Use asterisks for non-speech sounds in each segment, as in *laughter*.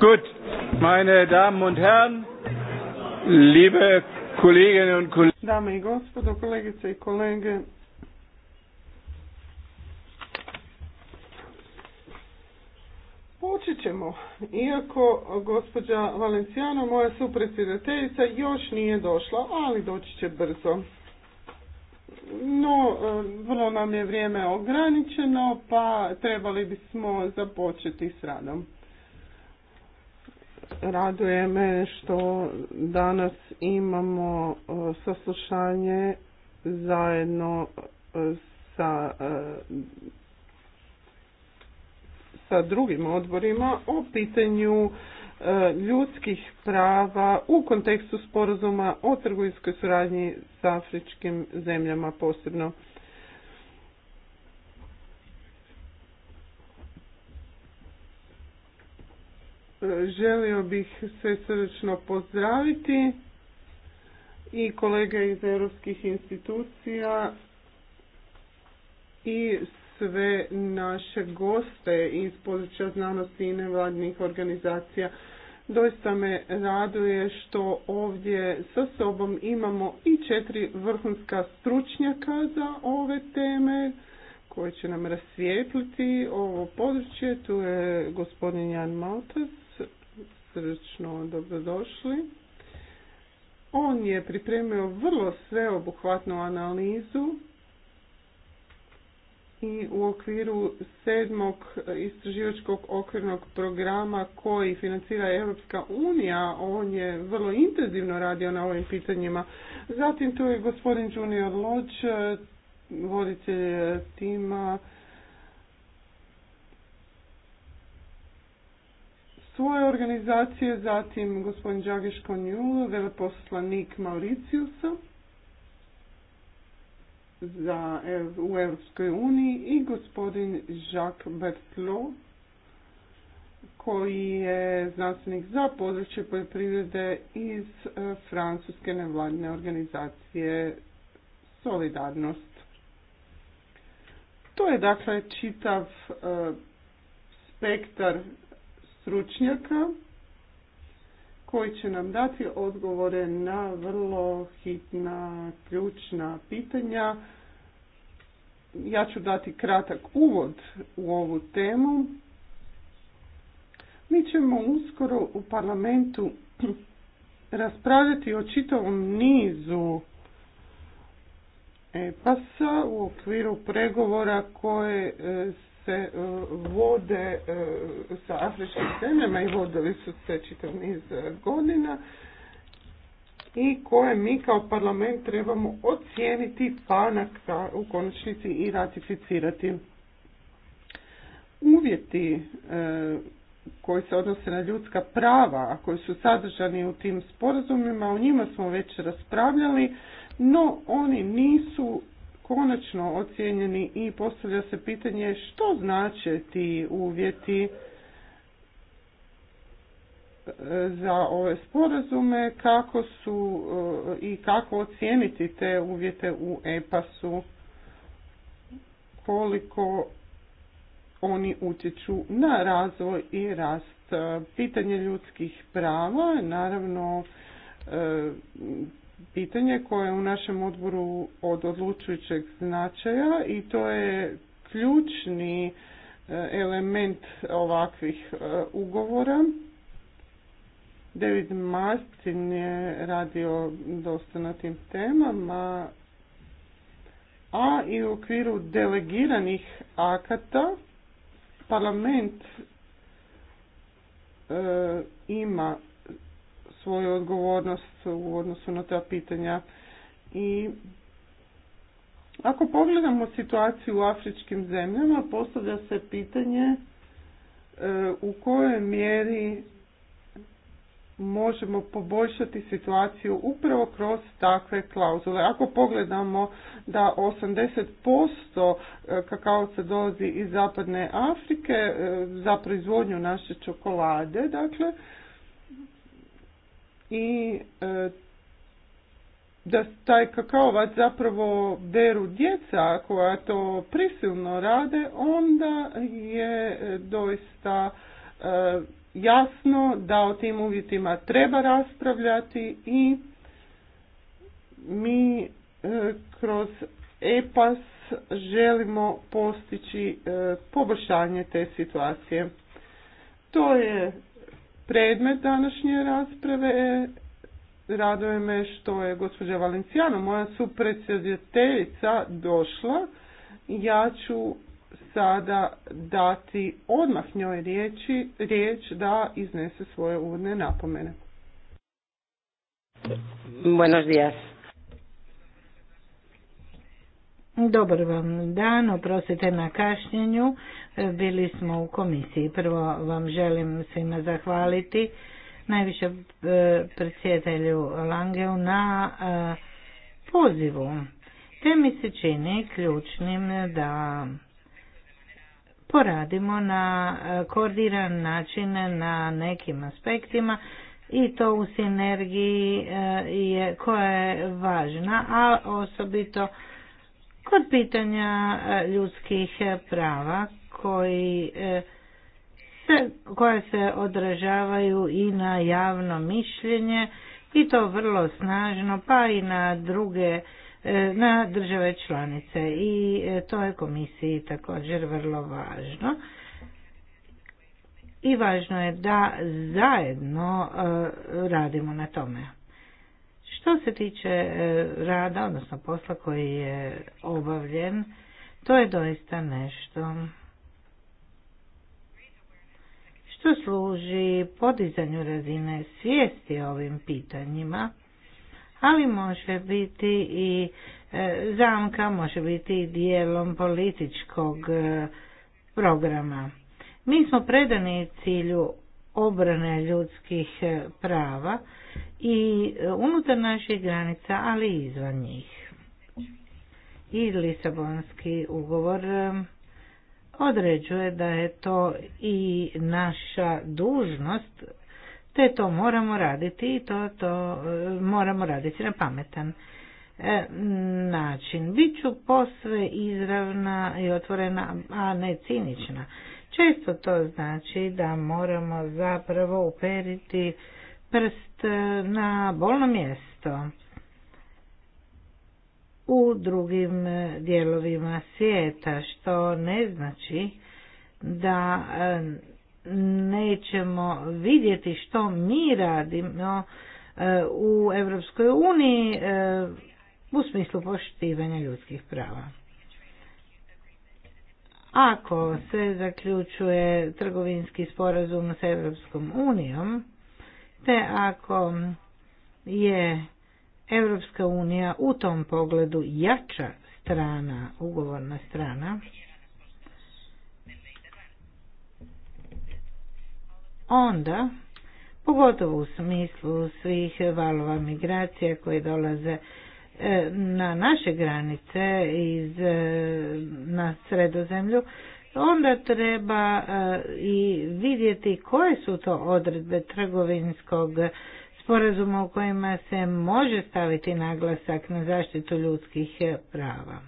Gut, meine Damen und Herren, liebe Kolleginnen und Kollegen. Dame i gospodo, kolegice i kolege. Počet ćemo, iako gospođa Valencijano, moja supredsjedateljica, još nije došla, ali doći će brzo. No, e, vrlo nam je vrijeme ograničeno, pa trebali bismo započeti s radom raduje me što danas imamo e, saslušanje zajedno e, sa e, sa drugim odborima o pitanju ljudskih prava u kontekstu sporazuma o trgovinskoj suradnji s afričkim zemljama posebno. Želio bih sve srdečno pozdraviti i kolege iz europskih institucija i sve naše goste iz područja znanosti i nevladnih organizacija. Doista me raduje što ovdje sa sobom imamo i četiri vrhunska stručnjaka za ove teme koje će nam rasvijetliti ovo područje. Tu je gospodin Jan Maltas, srčno dobrodošli. On je pripremio vrlo sveobuhvatnu analizu i u okviru sedmog istraživačkog okvirnog programa koji financira Europska unija, on je vrlo intenzivno radio na ovim pitanjima. Zatim tu je gospodin Junior Lodge, voditelj tima svoje organizacije, zatim gospodin Đagiš Konju, veleposlanik Mauricijusa za, u Europskoj uniji i gospodin Jacques Bertlot koji je znanstvenik za područje poljoprivrede iz e, francuske nevladine organizacije Solidarnost. To je dakle čitav e, spektar stručnjaka koji će nam dati odgovore na vrlo hitna, ključna pitanja. Ja ću dati kratak uvod u ovu temu. Mi ćemo uskoro u parlamentu *clears throat* raspravljati o čitavom nizu epas u okviru pregovora koje e, se e, vode e, sa afričkim zemljama i vodili su se čitav niz e, godina i koje mi kao parlament trebamo ocijeniti pa u konačnici i ratificirati. Uvjeti koji se odnose na ljudska prava, a koji su sadržani u tim sporazumima, o njima smo već raspravljali, no oni nisu konačno ocijenjeni i postavlja se pitanje što znače ti uvjeti e, za ove sporazume, kako su e, i kako ocijeniti te uvjete u EPAS-u, koliko oni utječu na razvoj i rast. E, pitanje ljudskih prava, naravno pitanje koje je u našem odboru od odlučujućeg značaja i to je ključni e, element ovakvih e, ugovora. David Martin je radio dosta na tim temama, a i u okviru delegiranih akata parlament e, ima svoju odgovornost u odnosu na ta pitanja. I ako pogledamo situaciju u afričkim zemljama, postavlja se pitanje e, u kojoj mjeri možemo poboljšati situaciju upravo kroz takve klauzule. Ako pogledamo da 80% e, kakaoca dolazi iz zapadne Afrike e, za proizvodnju naše čokolade, dakle, i e, da taj kakaovac zapravo deru djeca koja to prisilno rade, onda je e, doista e, jasno da o tim uvjetima treba raspravljati i mi kroz EPAS želimo postići poboljšanje te situacije. To je predmet današnje rasprave. Raduje me što je gospođa Valencijano, moja supredsjedateljica, došla. Ja ću sada dati odmah njoj riječi, riječ da iznese svoje uvodne napomene. Buenos días. Dobar vam dan, oprostite na kašnjenju bili smo u komisiji. Prvo vam želim svima zahvaliti, najviše e, predsjedatelju Langeu na e, pozivu. Te mi se čini ključnim da poradimo na e, koordiran način na nekim aspektima i to u sinergiji je, koja je važna, a osobito kod pitanja ljudskih prava koji e, se, koja se odražavaju i na javno mišljenje i to vrlo snažno pa i na druge e, na države članice i e, to je komisiji također vrlo važno i važno je da zajedno radimo na tome. Što se tiče rada, odnosno posla koji je obavljen, to je doista nešto što služi podizanju razine svijesti ovim pitanjima, ali može biti i e, zamka, može biti i dijelom političkog e, programa. Mi smo predani cilju obrane ljudskih e, prava i unutar naših granica, ali i izvan njih. I Lisabonski ugovor određuje da je to i naša dužnost, te to moramo raditi i to, to e, moramo raditi na pametan e, način. Biću posve izravna i otvorena, a ne cinična. Često to znači da moramo zapravo uperiti prst na bolno mjesto u drugim e, dijelovima svijeta, što ne znači da e, nećemo vidjeti što mi radimo e, u Europskoj uniji u smislu poštivanja ljudskih prava. Ako se zaključuje trgovinski sporazum s Europskom unijom, te ako je Europska unija u tom pogledu jača strana, ugovorna strana. Onda, pogotovo u smislu svih valova migracija koje dolaze e, na naše granice iz, e, na sredozemlju, onda treba e, i vidjeti koje su to odredbe trgovinskog sporazuma u kojima se može staviti naglasak na zaštitu ljudskih e, prava.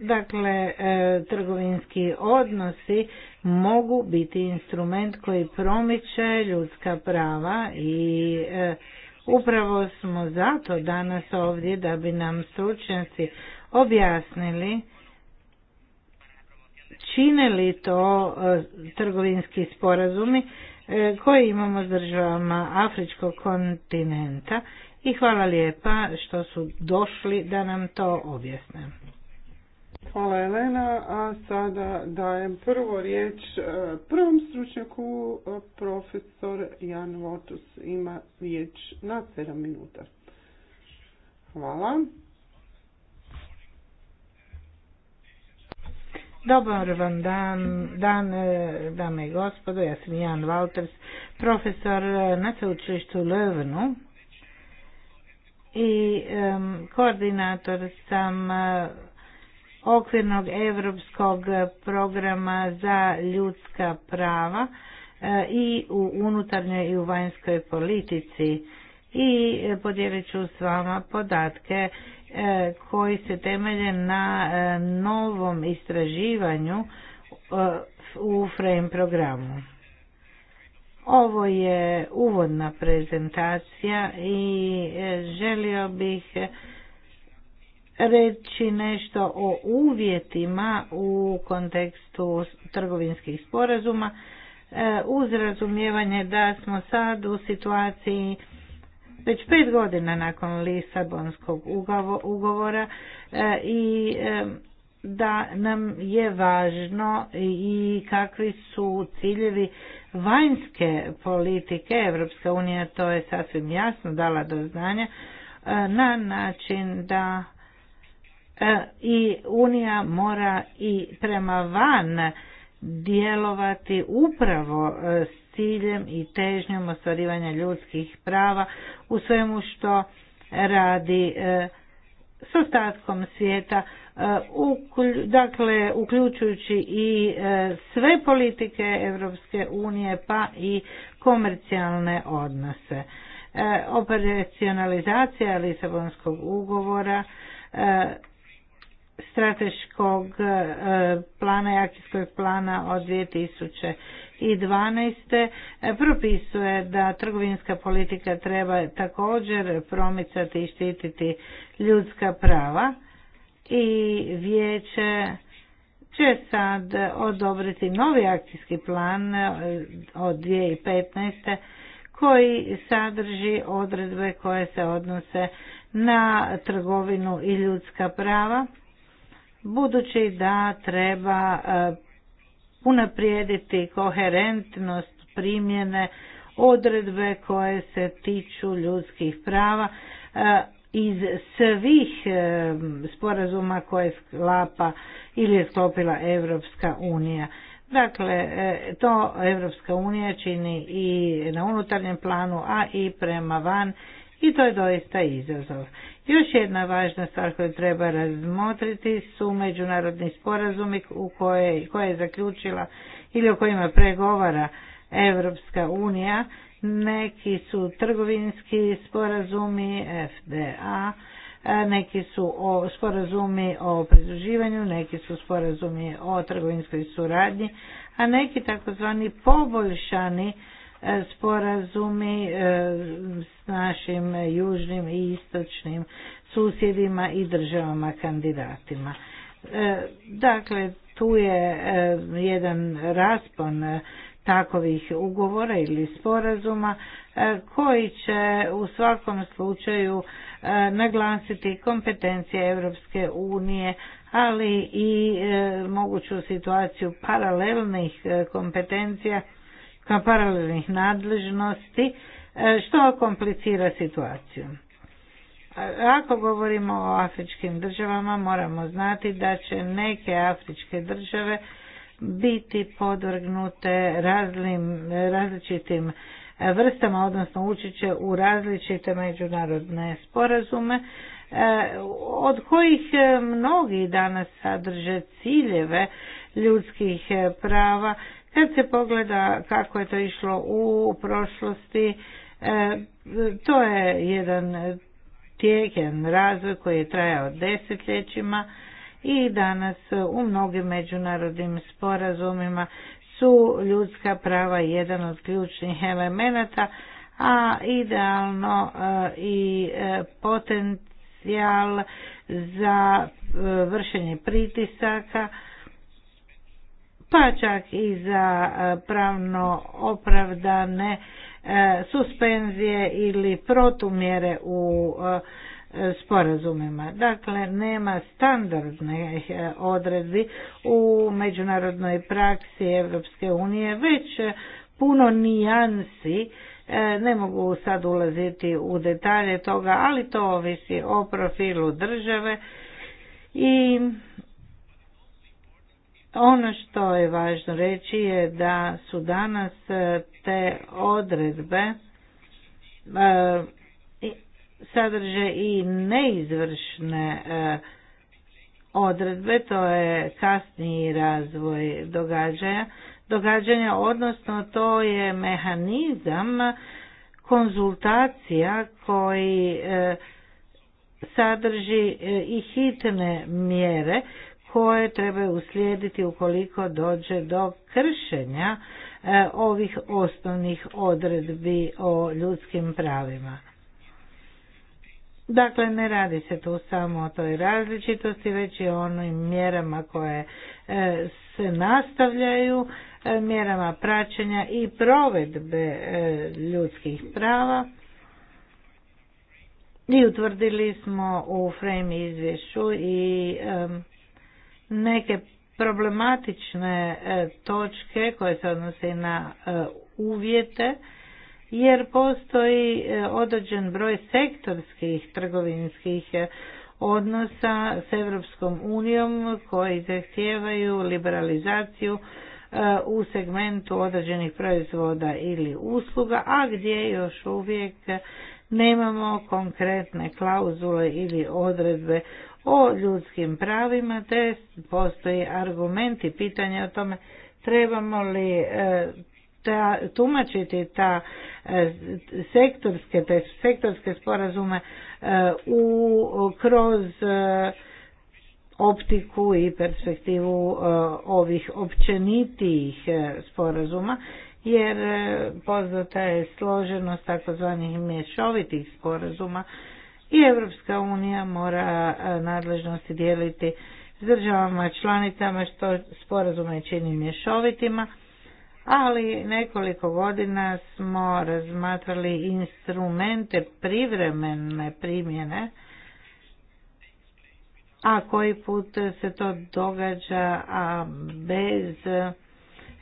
Dakle, e, trgovinski odnosi mogu biti instrument koji promiče ljudska prava i e, upravo smo zato danas ovdje da bi nam stručnjaci objasnili čine li to trgovinski sporazumi E, koje imamo s državama Afričkog kontinenta i hvala lijepa što su došli da nam to objasne. Hvala Elena, a sada dajem prvo riječ e, prvom stručnjaku, e, profesor Jan Votus ima riječ na 7 minuta. Hvala. Dobar vam dan, dan e, dame i gospodo, ja sam Jan Walters, profesor e, na sveučilištu Leuvenu i koordinator sam e, okvirnog europskog programa za ljudska prava i u unutarnjoj i u vanjskoj politici i podijelit ću s vama podatke E, koji se temelje na e, novom istraživanju e, u frame programu. Ovo je uvodna prezentacija i želio bih reći nešto o uvjetima u kontekstu trgovinskih sporazuma uz razumijevanje da smo sad u situaciji već pet godina nakon Lisabonskog ugovora e, i e, da nam je važno i kakvi su ciljevi vanjske politike Evropska unija to je sasvim jasno dala do znanja e, na način da i unija mora i prema van djelovati upravo ciljem i težnjom ostvarivanja ljudskih prava u svemu što radi e, s ostatkom svijeta, e, dakle uključujući i e, sve politike Europske unije pa i komercijalne odnose. Operacionalizacija Lisabonskog ugovora strateškog plana i akcijskog plana od 2012. E, propisuje da trgovinska politika treba također promicati i štititi ljudska prava i vijeće će sad odobriti novi akcijski plan e, od 2015. koji sadrži odredbe koje se odnose na trgovinu i ljudska prava budući da treba e, unaprijediti koherentnost primjene odredbe koje se tiču ljudskih prava e, iz svih e, sporazuma koje sklapa ili je sklopila Evropska unija. Dakle, e, to Evropska unija čini i na unutarnjem planu, a i prema van i to je doista izazov. Još jedna važna stvar koju treba razmotriti su međunarodni sporazumi u koje, koje je zaključila ili o kojima pregovara Europska unija. Neki su trgovinski sporazumi FDA, neki su o sporazumi o pridruživanju, neki su sporazumi o trgovinskoj suradnji, a neki takozvani poboljšani E, sporazumi e, s našim južnim i istočnim susjedima i državama kandidatima. E, dakle, tu je jedan raspon takovih ugovora ili sporazuma koji će u svakom slučaju naglasiti kompetencije Europske unije, ali i moguću situaciju paralelnih kompetencija kao paralelnih nadležnosti, e, što komplicira situaciju. Ako govorimo o afričkim državama, moramo znati da će neke afričke države biti podvrgnute različitim vrstama, odnosno ući će u različite međunarodne sporazume, e, od kojih e, mnogi danas sadrže ciljeve ljudskih prava kad se pogleda kako je to išlo u prošlosti, e, to je jedan tijek, jedan razvoj koji je trajao desetljećima i danas u mnogim međunarodnim sporazumima su ljudska prava jedan od ključnih elemenata, a idealno e, i e, potencijal za vršenje pritisaka pa čak i za e, pravno opravdane e, suspenzije ili protumjere u e, sporazumima. Dakle, nema standardnih odredbi u međunarodnoj praksi Europske unije, već puno nijansi, ne mogu sad ulaziti u detalje toga, ali to ovisi o profilu države i ono što je važno reći je da su danas e, te odredbe e, sadrže i neizvršne e, odredbe, to je kasniji razvoj događaja, događanja, odnosno to je mehanizam konzultacija koji sadrži i hitne mjere koje trebaju uslijediti ukoliko dođe do kršenja e, ovih osnovnih odredbi o ljudskim pravima. Dakle, ne radi se tu samo o toj različitosti, već i o onim mjerama koje e, se nastavljaju, e, mjerama praćenja i provedbe ljudskih prava. I utvrdili smo u frame izvješću i neke problematične e, točke koje se odnose na e, uvjete jer postoji e, određen broj sektorskih trgovinskih odnosa s Europskom unijom koji zahtijevaju liberalizaciju u segmentu određenih proizvoda ili usluga, a gdje još uvijek nemamo konkretne klauzule ili odredbe o ljudskim pravima, te postoji argument i pitanje o tome trebamo li e, ta, tumačiti ta e, sektorske, te sektorske sporazume e, u, kroz optiku i perspektivu ovih općenitijih sporazuma, jer poznata je složenost takozvanih mješovitih sporazuma i Europska unija mora e, nadležnosti dijeliti s državama članicama što sporazume čini mješovitima, ali nekoliko godina smo razmatrali instrumente privremene primjene, a koji put se to događa a bez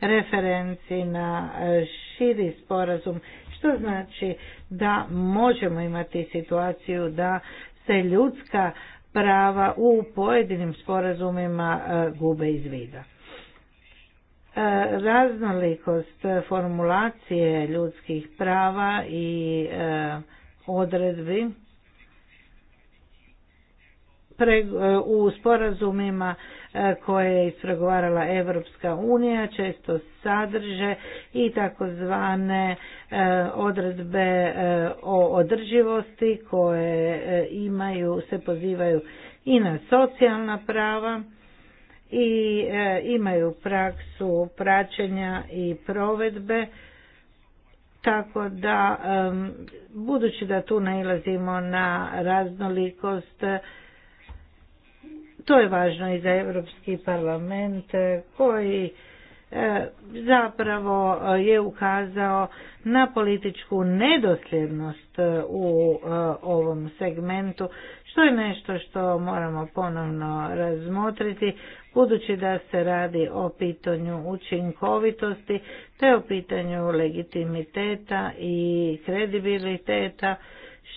referenci na širi sporazum što znači da možemo imati situaciju da se ljudska prava u pojedinim sporazumima e, gube iz vida. E, raznolikost formulacije ljudskih prava i e, odredbi u sporazumima E, koje je ispregovarala Evropska unija često sadrže i takozvane e, odredbe e, o održivosti koje imaju se pozivaju i na socijalna prava i imaju praksu praćenja i provedbe tako da budući da tu nailazimo na raznolikost to je važno i za Europski parlament eh, koji eh, zapravo eh, je ukazao na političku nedosljednost u ovom segmentu, što je nešto što moramo ponovno razmotriti, budući da se radi o pitanju učinkovitosti, te o pitanju legitimiteta i kredibiliteta,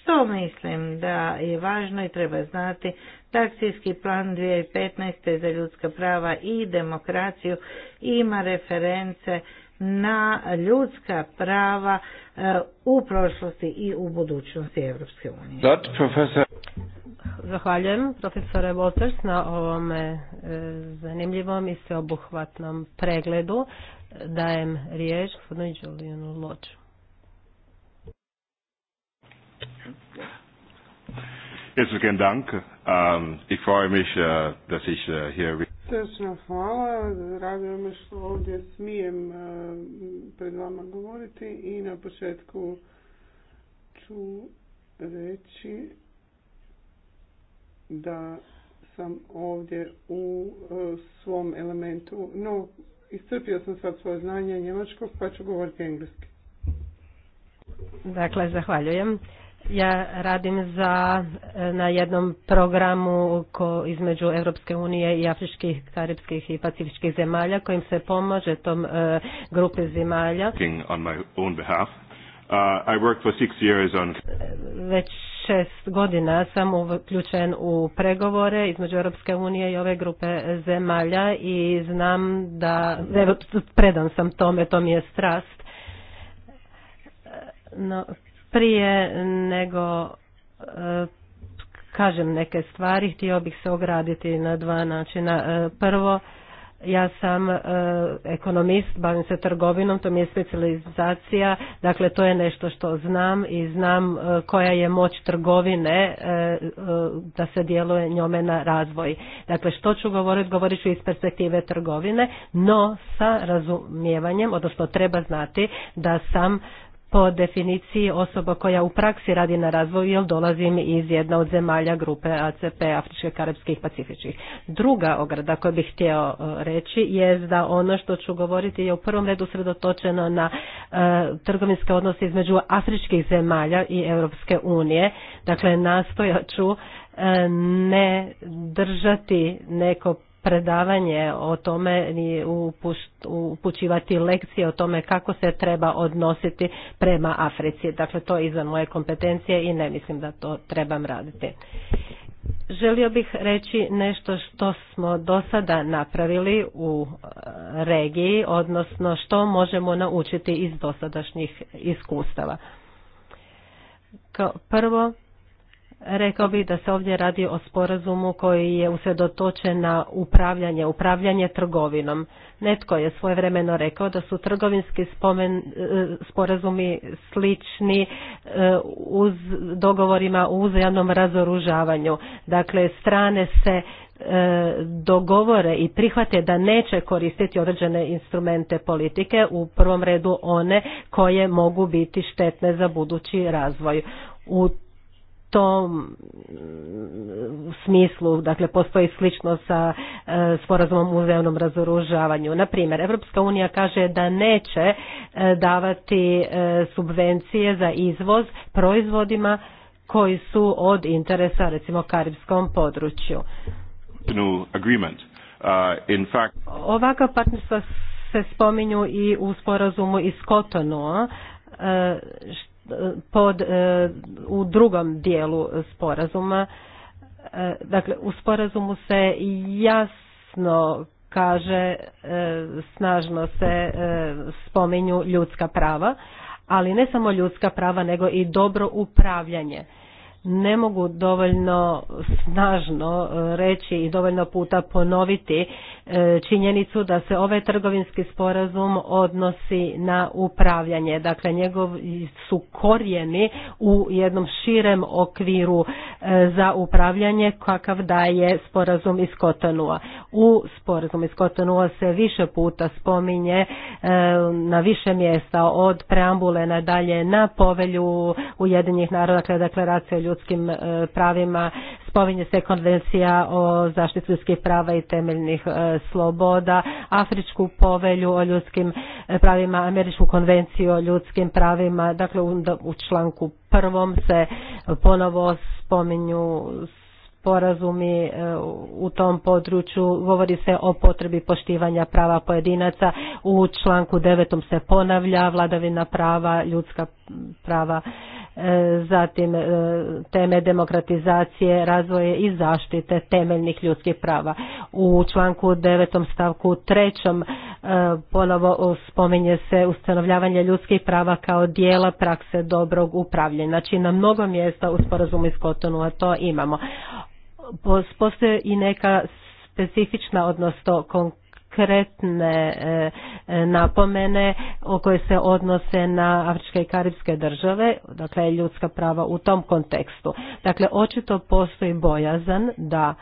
što mislim da je važno i treba znati Taksijski plan 2015. za ljudska prava i demokraciju ima reference na ljudska prava e, u prošlosti i u budućnosti Europske unije. Zahvaljujem profesore Wolters na ovom e, zanimljivom i sveobuhvatnom pregledu. Dajem riječ gospodinu Julianu Herzlichen Dank. Ähm, ich freue mich, äh, dass ich äh, hier... hvala, radio me što ovdje smijem e, pred vama govoriti i na početku ću reći da sam ovdje u e, svom elementu, no iscrpio sam sad svoje znanje njemačkog pa ću govoriti engleski. Dakle, zahvaljujem. Ja radim za, e, na jednom programu ko, između Europske unije i afričkih, karibskih i pacifičkih zemalja kojim se pomaže tom e, uh grupe zemalja. Uh, Već šest godina sam uključen u pregovore između Europske unije i ove grupe zemalja i znam da, predan sam tome, to mi je strast. E, no, prije nego e, kažem neke stvari, htio bih se ograditi na dva načina. E, prvo, ja sam e, ekonomist, bavim se trgovinom, to mi je specijalizacija, dakle to je nešto što znam i znam koja je moć trgovine da se djeluje njome na razvoj. Dakle što ću govoriti, govorit ću iz perspektive trgovine, no sa razumijevanjem, odnosno treba znati da sam po definiciji osoba koja u praksi radi na razvoju jer dolazim iz jedna od zemalja grupe ACP, Afričke, Karibskih i Pacifičkih. Druga ograda koju bih htio e, reći je da ono što ću govoriti je u prvom redu sredotočeno na e, trgovinske odnose između afričkih zemalja i Europske unije. Dakle, nastojat ću e, ne držati neko predavanje o tome i upućivati lekcije o tome kako se treba odnositi prema Africi. Dakle, to je izvan moje kompetencije i ne mislim da to trebam raditi. Želio bih reći nešto što smo do sada napravili u e, regiji, odnosno što možemo naučiti iz dosadašnjih iskustava. prvo, Rekao bih da se ovdje radi o sporazumu koji je usredotočen na upravljanje, upravljanje trgovinom. Netko je svojevremeno rekao da su trgovinski e, sporazumi slični e, uz dogovorima u uzajamnom razoružavanju. Dakle, strane se e, dogovore i prihvate da neće koristiti određene instrumente politike, u prvom redu one koje mogu biti štetne za budući razvoj. U tom mm, smislu, dakle postoji slično sa e, sporazumom u zemnom razoružavanju. Na primjer, unija kaže da neće e, davati e, subvencije za izvoz proizvodima koji su od interesa recimo karibskom području. Uh, Ovakva partnerstva se spominju i u sporazumu iz Kotonu, pod, e, u drugom dijelu sporazuma. E, dakle, u sporazumu se jasno kaže, e, snažno se spominju ljudska prava, ali ne samo ljudska prava, nego i dobro upravljanje ne mogu dovoljno snažno e, reći i dovoljno puta ponoviti e, činjenicu da se ovaj trgovinski sporazum odnosi na upravljanje. Dakle, njegovi su korijeni u jednom širem okviru e, za upravljanje kakav daje sporazum iz Kotonua. U sporazumu iz Kotonua se više puta spominje e, na više mjesta od preambule nadalje na povelju Ujedinjenih naroda, dakle deklaracija o ljudskim e, pravima, spominje se konvencija o zaštiti ljudskih prava i temeljnih e, sloboda, Afričku povelju o ljudskim pravima, Američku konvenciju o ljudskim pravima, dakle u članku prvom se ponovo spominju sporazumi e, u tom području. Govori se o potrebi poštivanja prava pojedinaca. U članku 9. se ponavlja vladavina prava, ljudska prava, e, zatim e, teme demokratizacije, razvoje i zaštite temeljnih ljudskih prava. U članku 9. stavku 3. ponovo spominje se ustanovljavanje ljudskih prava kao dijela prakse dobrog upravljanja. Znači na mnogo mjesta u sporazumu s Kotonu, a to imamo postoje i neka specifična, odnosno konkretne e, e, napomene o koje se odnose na Afričke i Karibske države, dakle ljudska prava u tom kontekstu. Dakle, očito postoji bojazan da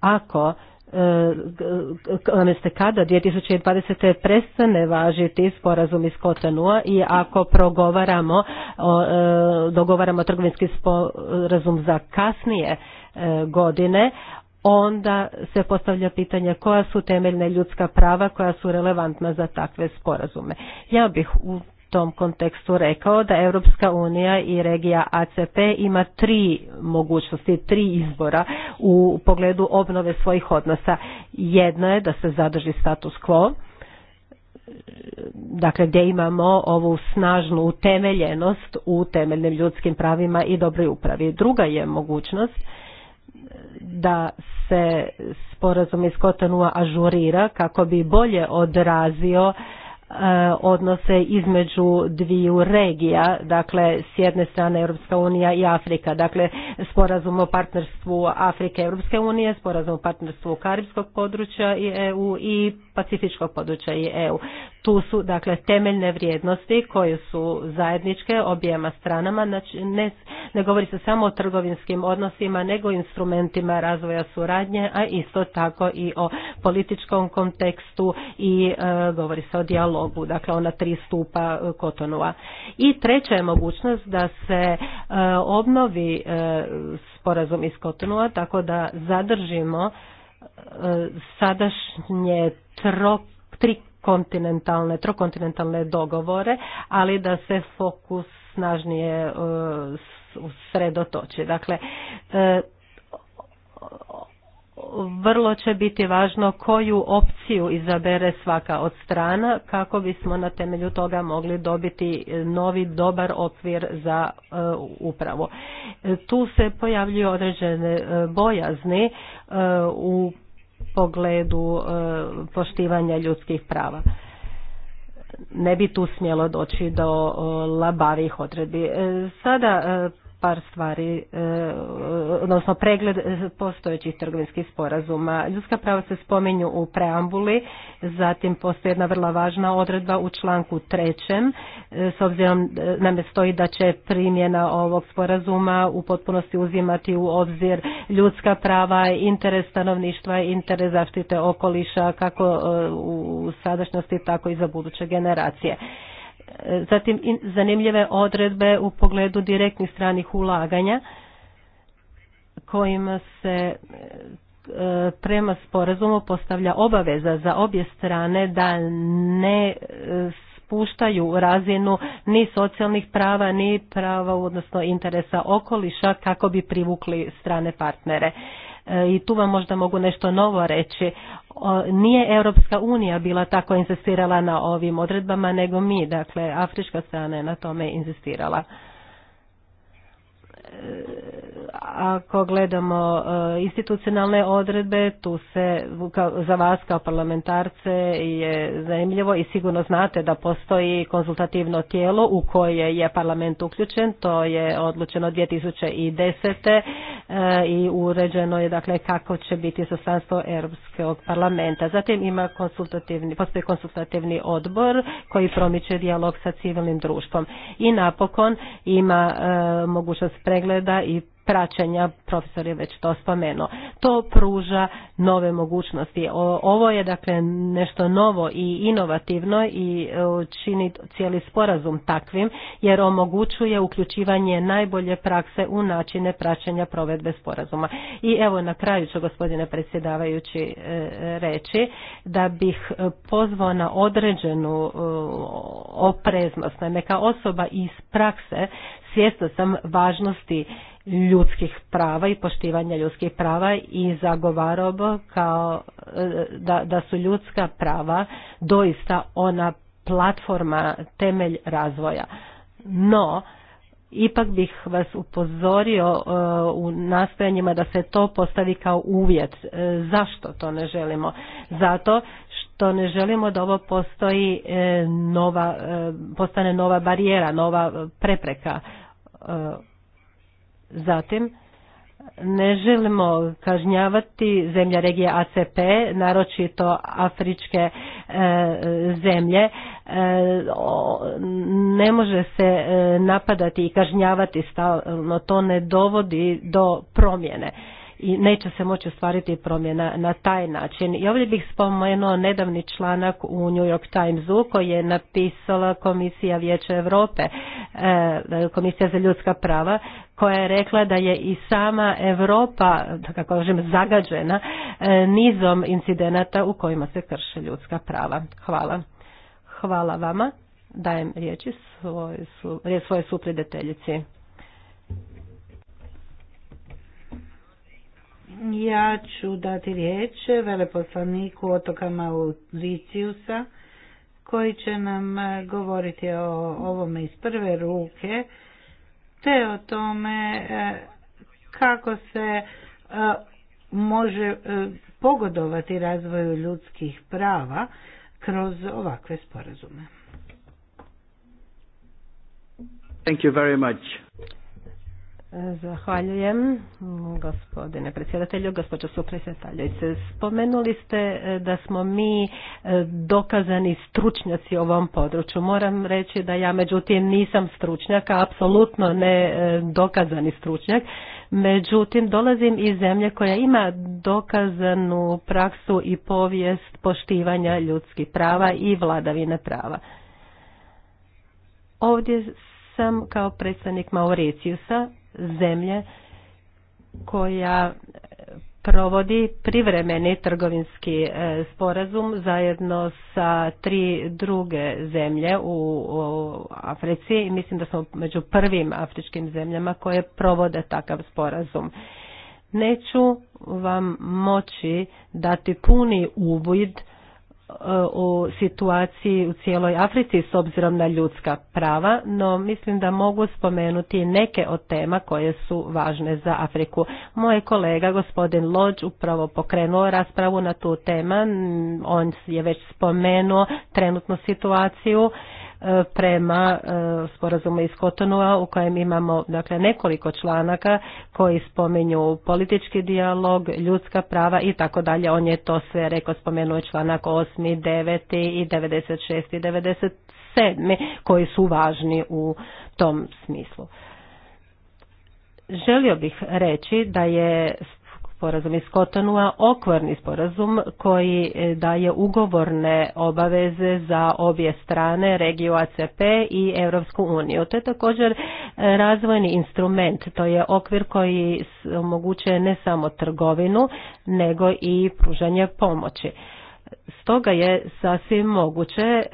ako e, kada 2020. prestane važiti sporazum iz Kotonua i ako progovaramo dogovaramo trgovinski sporazum za kasnije E, godine, onda se postavlja pitanje koja su temeljna ljudska prava koja su relevantna za takve sporazume. Ja bih u tom kontekstu rekao da Europska unija i regija ACP ima tri mogućnosti, tri izbora u pogledu obnove svojih odnosa. Jedna je da se zadrži status quo, dakle gdje imamo ovu snažnu utemeljenost u temeljnim ljudskim pravima i dobroj upravi. Druga je mogućnost da se sporazum iz Kotonua ažurira kako bi bolje odrazio e, odnose između dviju regija, dakle s jedne strane Europska unija i Afrika, dakle sporazum o partnerstvu Afrike i Europske unije, sporazum o partnerstvu Karibskog područja i EU i pacifičkog područja i EU. Tu su dakle temeljne vrijednosti koje su zajedničke objema stranama, znači ne, ne govori se samo o trgovinskim odnosima, nego o instrumentima razvoja suradnje, a isto tako i o političkom kontekstu i e, govori se o dijalogu, dakle ona tri stupa e, Kotonua. I treća je mogućnost da se e, obnovi sporazum iz Kotonua tako da zadržimo sadašnje tro, tri kontinentalne, trokontinentalne dogovore, ali da se fokus snažnije e, usredotoči. Dakle, e, vrlo će biti važno koju opciju izabere svaka od strana kako bismo na temelju toga mogli dobiti e, novi dobar okvir za e, upravo. E, tu se pojavljuju određene bojazni u pogledu poštivanja ljudskih prava ne bi tu smjelo doći do labavih odredbi. Sada par stvari, e, odnosno pregled postojećih trgovinskih sporazuma. Ljudska prava se spominju u preambuli, zatim postoji jedna vrlo važna odredba u članku trećem, e, s obzirom e, nam stoji da će primjena ovog sporazuma u potpunosti uzimati u obzir ljudska prava, interes stanovništva, interes zaštite okoliša, kako u sadašnjosti, tako i za buduće generacije zatim zanimljive odredbe u pogledu direktnih stranih ulaganja kojima se e, prema sporazumu postavlja obaveza za obje strane da ne e, spuštaju razinu ni socijalnih prava ni prava odnosno interesa okoliša kako bi privukli strane partnere. E, i tu vam možda mogu nešto novo reći. Nije Europska unija bila tako insistirala na ovim odredbama nego mi, dakle Afrička strana je na tome insistirala ako gledamo e, institucionalne odredbe, tu se za vas kao parlamentarce je zanimljivo i sigurno znate da postoji konzultativno tijelo u koje je parlament uključen, to je odlučeno 2010. E, i uređeno je dakle kako će biti sastanstvo Europskog parlamenta. Zatim ima konsultativni, postoji konsultativni odbor koji promiče dijalog sa civilnim društvom i napokon ima e, mogućnost pregleda pregleda i praćenja, profesor je već to spomenuo. To pruža nove mogućnosti. Ovo je dakle nešto novo i inovativno i e, čini cijeli sporazum takvim jer omogućuje uključivanje najbolje prakse u načine praćenja provedbe sporazuma. I evo na kraju ću gospodine predsjedavajući e, reći da bih e, pozvao na određenu opreznost. neka osoba iz prakse svjesna sam važnosti ljudskih prava i poštivanja ljudskih prava i zagovarao kao e, da, da su ljudska prava doista ona platforma temelj razvoja. No, ipak bih vas upozorio e, u nastojanjima da se to postavi kao uvjet. E, zašto to ne želimo? Zato što ne želimo da ovo postoji nova, postane nova barijera, nova prepreka E, zatim, ne želimo kažnjavati zemlja regije ACP, naročito afričke e, zemlje. E, ne može se napadati i kažnjavati stalno, to ne dovodi do promjene i neće se moći ostvariti promjena na taj način. I ovdje bih spomenuo nedavni članak u New York Timesu koji je napisala Komisija Vijeća Europe, e, Komisija za ljudska prava, koja je rekla da je i sama Europa, kako kažem, zagađena e, nizom incidenata u kojima se krše ljudska prava. Hvala. Hvala vama. Dajem riječi svoje, svoje supredateljici. Ja ću dati riječ veleposlaniku otoka Mauricijusa koji će nam e, govoriti o ovome iz prve ruke te o tome e, kako se e, može pogodovati razvoju ljudskih prava kroz ovakve sporazume. Thank you very much. Zahvaljujem gospodine predsjedatelju, gospođo supredsjedateljice. Spomenuli ste e, da smo mi e, dokazani stručnjaci u ovom području. Moram reći da ja međutim nisam stručnjak, apsolutno ne e, dokazani stručnjak. Međutim, dolazim iz zemlje koja ima dokazanu praksu i povijest poštivanja ljudskih prava i vladavine prava. Ovdje sam kao predstavnik Mauricijusa zemlje koja e, provodi privremeni trgovinski e, sporazum zajedno sa tri druge zemlje u Africi i mislim da smo među prvim afričkim zemljama koje provode takav sporazum. Neću vam moći dati puni uvid u situaciji u cijeloj Africi s obzirom na ljudska prava, no mislim da mogu spomenuti neke od tema koje su važne za Afriku. Moj kolega gospodin Lodž upravo pokrenuo raspravu na tu tema, on je već spomenuo trenutnu situaciju E, prema e, sporazumu iz Kotonua u kojem imamo dakle, nekoliko članaka koji spominju politički dijalog, ljudska prava i tako dalje. On je to sve rekao, spomenuo članak 8, 9 i 96 i 97 koji su važni u tom smislu. Želio bih reći da je sporazum iz Kotonua okvarni sporazum koji e, daje ugovorne obaveze za obje strane, regiju ACP i Europsku uniju. To je također e, razvojni instrument, to je okvir koji omogućuje ne samo trgovinu, nego i pružanje pomoći. Stoga je sasvim moguće e,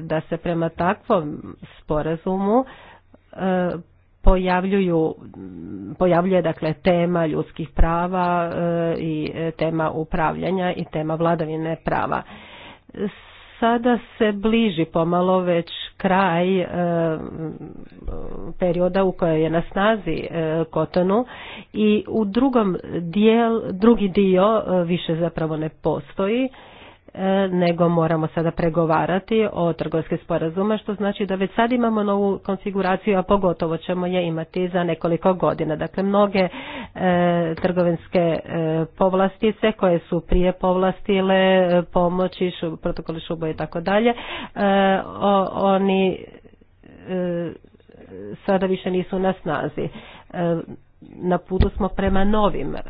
da se prema takvom sporazumu pojavljuju, pojavljuje dakle tema ljudskih prava e, i e, tema upravljanja i tema vladavine prava. Sada se bliži pomalo već kraj e, perioda u kojoj je na snazi e, kotonu i u drugom dijel, drugi dio više zapravo ne postoji E, nego moramo sada pregovarati o trgovskim sporazuma, što znači da već sad imamo novu konfiguraciju, a pogotovo ćemo je imati za nekoliko godina. Dakle, mnoge e, trgovinske e, povlastice koje su prije povlastile pomoći, protokoli šubo i tako dalje, oni sada više nisu na snazi na putu smo prema novim e,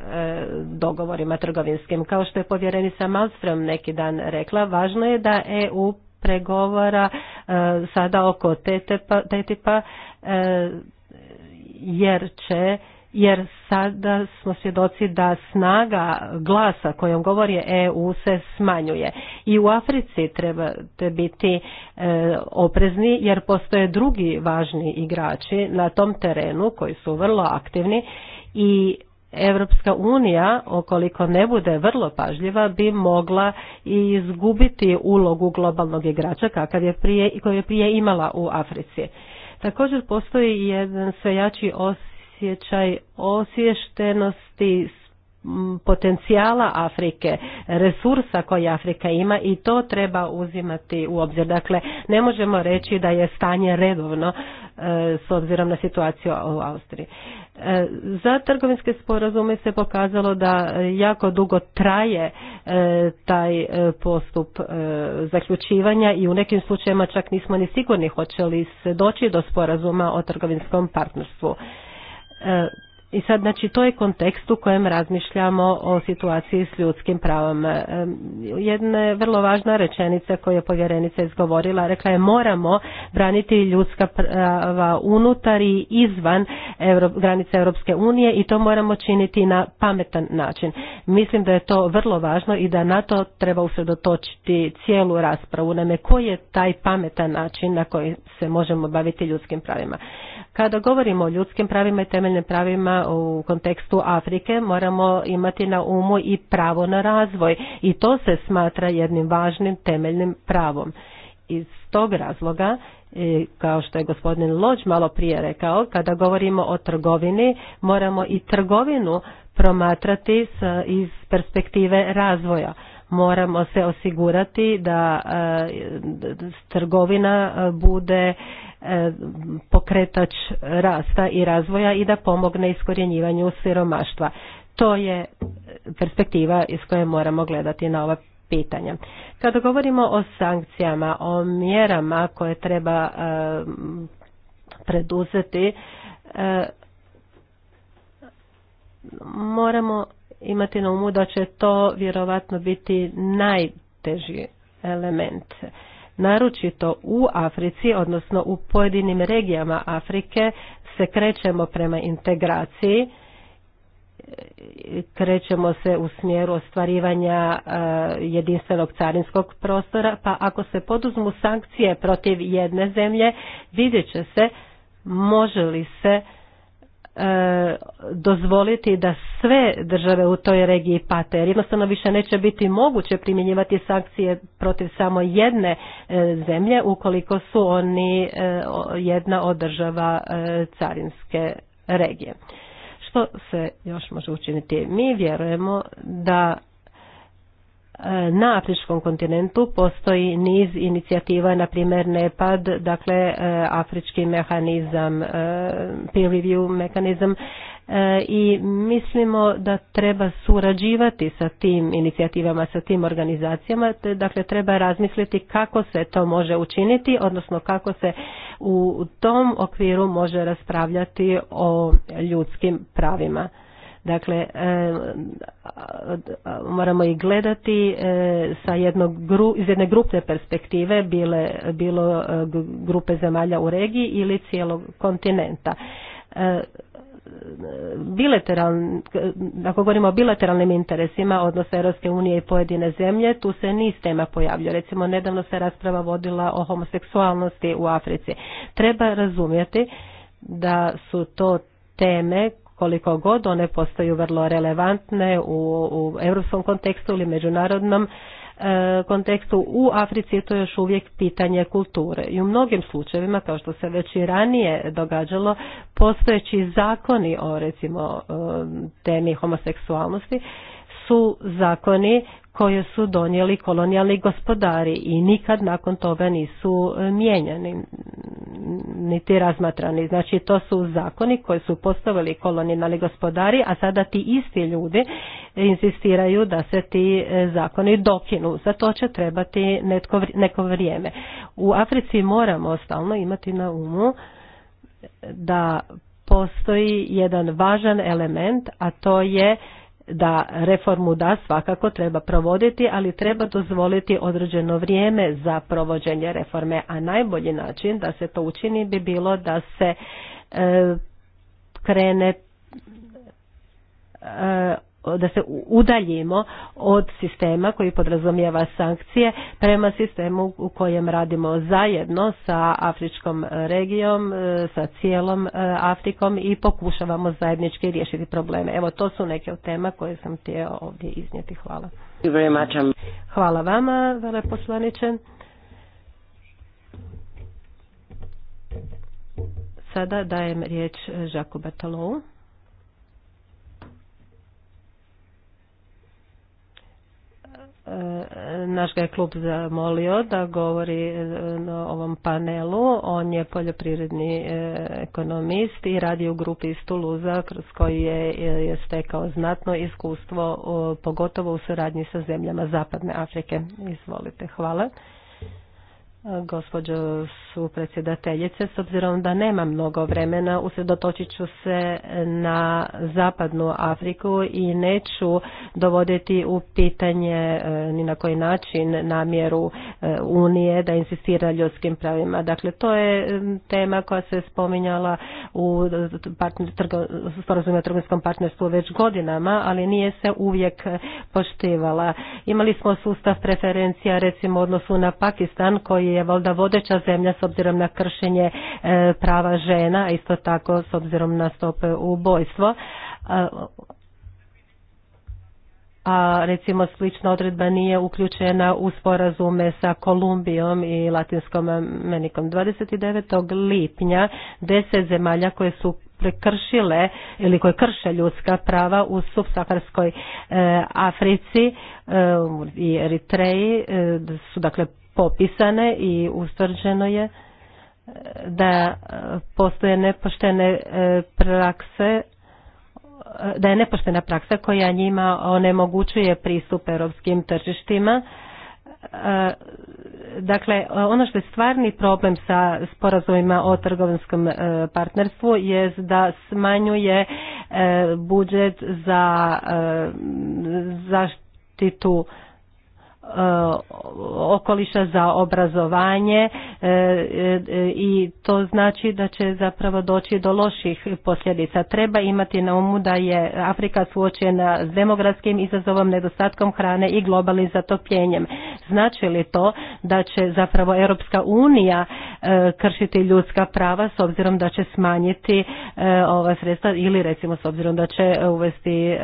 dogovorima trgovinskim. Kao što je povjerenica Malmström neki dan rekla, važno je da EU pregovara e, sada oko TTIP-a e, jer će jer sada smo svjedoci da snaga glasa kojom govori EU e se smanjuje. I u Africi trebate biti e, oprezni jer postoje drugi važni igrači na tom terenu koji su vrlo aktivni i Europska unija, okoliko ne bude vrlo pažljiva, bi mogla izgubiti ulogu globalnog igrača kakav je prije, koju je prije imala u Africi. Također postoji jedan sve jači os osjećaj osještenosti potencijala Afrike, resursa koje Afrika ima i to treba uzimati u obzir. Dakle, ne možemo reći da je stanje redovno e, s obzirom na situaciju u Austriji. E, za trgovinske sporazume se pokazalo da jako dugo traje e, taj postup zaključivanja i u nekim slučajevima čak nismo ni sigurni hoće li se doći do sporazuma o trgovinskom partnerstvu. E, i sad, znači, to je kontekst u kojem razmišljamo o situaciji s ljudskim pravom. E, jedna je vrlo važna rečenica koju je povjerenica izgovorila, rekla je moramo braniti ljudska prava unutar i izvan granice Europske unije i to moramo činiti na pametan način. Mislim da je to vrlo važno i da na to treba usredotočiti cijelu raspravu, naime koji je taj pametan način na koji se možemo baviti ljudskim pravima. Kada govorimo o ljudskim pravima i temeljnim pravima u kontekstu Afrike, moramo imati na umu i pravo na razvoj i to se smatra jednim važnim temeljnim pravom. Iz tog razloga e, kao što je gospodin Lodž malo prije rekao, kada govorimo o trgovini, moramo i trgovinu promatrati iz perspektive razvoja. Moramo se osigurati da e, trgovina e, bude E, pokretač rasta i razvoja i da pomogne iskorjenjivanju siromaštva. To je perspektiva iz koje moramo gledati na ova pitanja. Kada govorimo o sankcijama, o mjerama koje treba e, preduzeti, e, moramo imati na umu da će to vjerovatno biti najteži element naročito u Africi, odnosno u pojedinim regijama Afrike, se krećemo prema integraciji, e, krećemo se u smjeru ostvarivanja e, jedinstvenog carinskog prostora, pa ako se poduzmu sankcije protiv jedne zemlje, vidjet će se može li se E, dozvoliti da sve države u toj regiji pate jer jednostavno više neće biti moguće primjenjivati sankcije protiv samo jedne e, zemlje ukoliko su oni e, jedna od država carinske regije. Što se još može učiniti? Mi vjerujemo da na afričkom kontinentu postoji niz inicijativa, na primjer NEPAD, dakle e, afrički mehanizam, e, peer review mehanizam e, i mislimo da treba surađivati sa tim inicijativama, sa tim organizacijama, dakle treba razmisliti kako se to može učiniti, odnosno kako se u tom okviru može raspravljati o ljudskim pravima. Dakle, e, moramo ih gledati e, sa jednog, iz jedne grupne perspektive, bile, bilo e, grupe zemalja u regiji ili cijelog kontinenta bilateralni, ako govorimo o bilateralnim interesima odnosa Europske unije i pojedine zemlje, tu se niz tema pojavlja. Recimo, nedavno se rasprava vodila o homoseksualnosti u Africi. Treba razumjeti da su to teme koliko god one postaju vrlo relevantne u, u europskom kontekstu ili međunarodnom e, kontekstu u Africi je to još uvijek pitanje kulture i u mnogim slučajevima kao što se već i ranije događalo postojeći zakoni o recimo e, temi homoseksualnosti su zakoni koje su donijeli kolonijalni gospodari i nikad nakon toga nisu e, mijenjani niti razmatrani. Znači to su zakoni koje su postavili kolonijalni gospodari, a sada ti isti ljudi insistiraju da se ti e, zakoni dokinu. Za to će trebati neko vrijeme. U Africi moramo stalno imati na umu da postoji jedan važan element, a to je da reformu da svakako treba provoditi, ali treba dozvoliti određeno vrijeme za provođenje reforme, a najbolji način da se to učini bi bilo da se e, krene e, da se udaljimo od sistema koji podrazumijeva sankcije prema sistemu u kojem radimo zajedno sa afričkom regijom, e, sa cijelom e, Afrikom i pokušavamo zajednički riješiti probleme. Evo to su neke od tema koje sam htio ovdje iznijeti. Hvala. Hvala vama, veleposlaniče. Sada dajem riječ Žaku bartolovu naš ga je klub zamolio da govori e, na ovom panelu. On je poljoprivredni e, ekonomist i radi u grupi iz Tuluza kroz koji je, e, je stekao znatno iskustvo pogotovo u suradnji sa zemljama Zapadne Afrike. Izvolite, hvala gospođo su predsjedateljice. S obzirom da nema mnogo vremena, usredotočit ću se na zapadnu Afriku i neću dovoditi u pitanje e, ni na koji način namjeru e, Unije da insistira ljudskim pravima. Dakle, to je tema koja se spominjala u sporazumu o trgovinskom partnerstvu već godinama, ali nije se uvijek poštivala. Imali smo sustav preferencija recimo u odnosu na Pakistan koji je valjda vodeća zemlja s obzirom na kršenje e, prava žena, a isto tako s obzirom na stope ubojstvo. E, a recimo slična odredba nije uključena u sporazume sa Kolumbijom i Latinskom Amerikom. 29. lipnja deset zemalja koje su prekršile ili koje krše ljudska prava u subsaharskoj e, Africi i Eritreji su dakle popisane i ustvrđeno je e, da e, postoje nepoštene e, prakse da je nepoštena praksa koja njima onemogućuje pristup europskim tržištima. Dakle, ono što je stvarni problem sa sporazumima o trgovinskom partnerstvu je da smanjuje budžet za zaštitu E, okoliša za obrazovanje e, e, i to znači da će zapravo doći do loših posljedica. Treba imati na umu da je Afrika suočena s demografskim izazovom, nedostatkom hrane i globalnim zatopljenjem. Znači li to da će zapravo Europska unija kršiti ljudska prava s obzirom da će smanjiti ova sredstva ili recimo s obzirom da će uvesti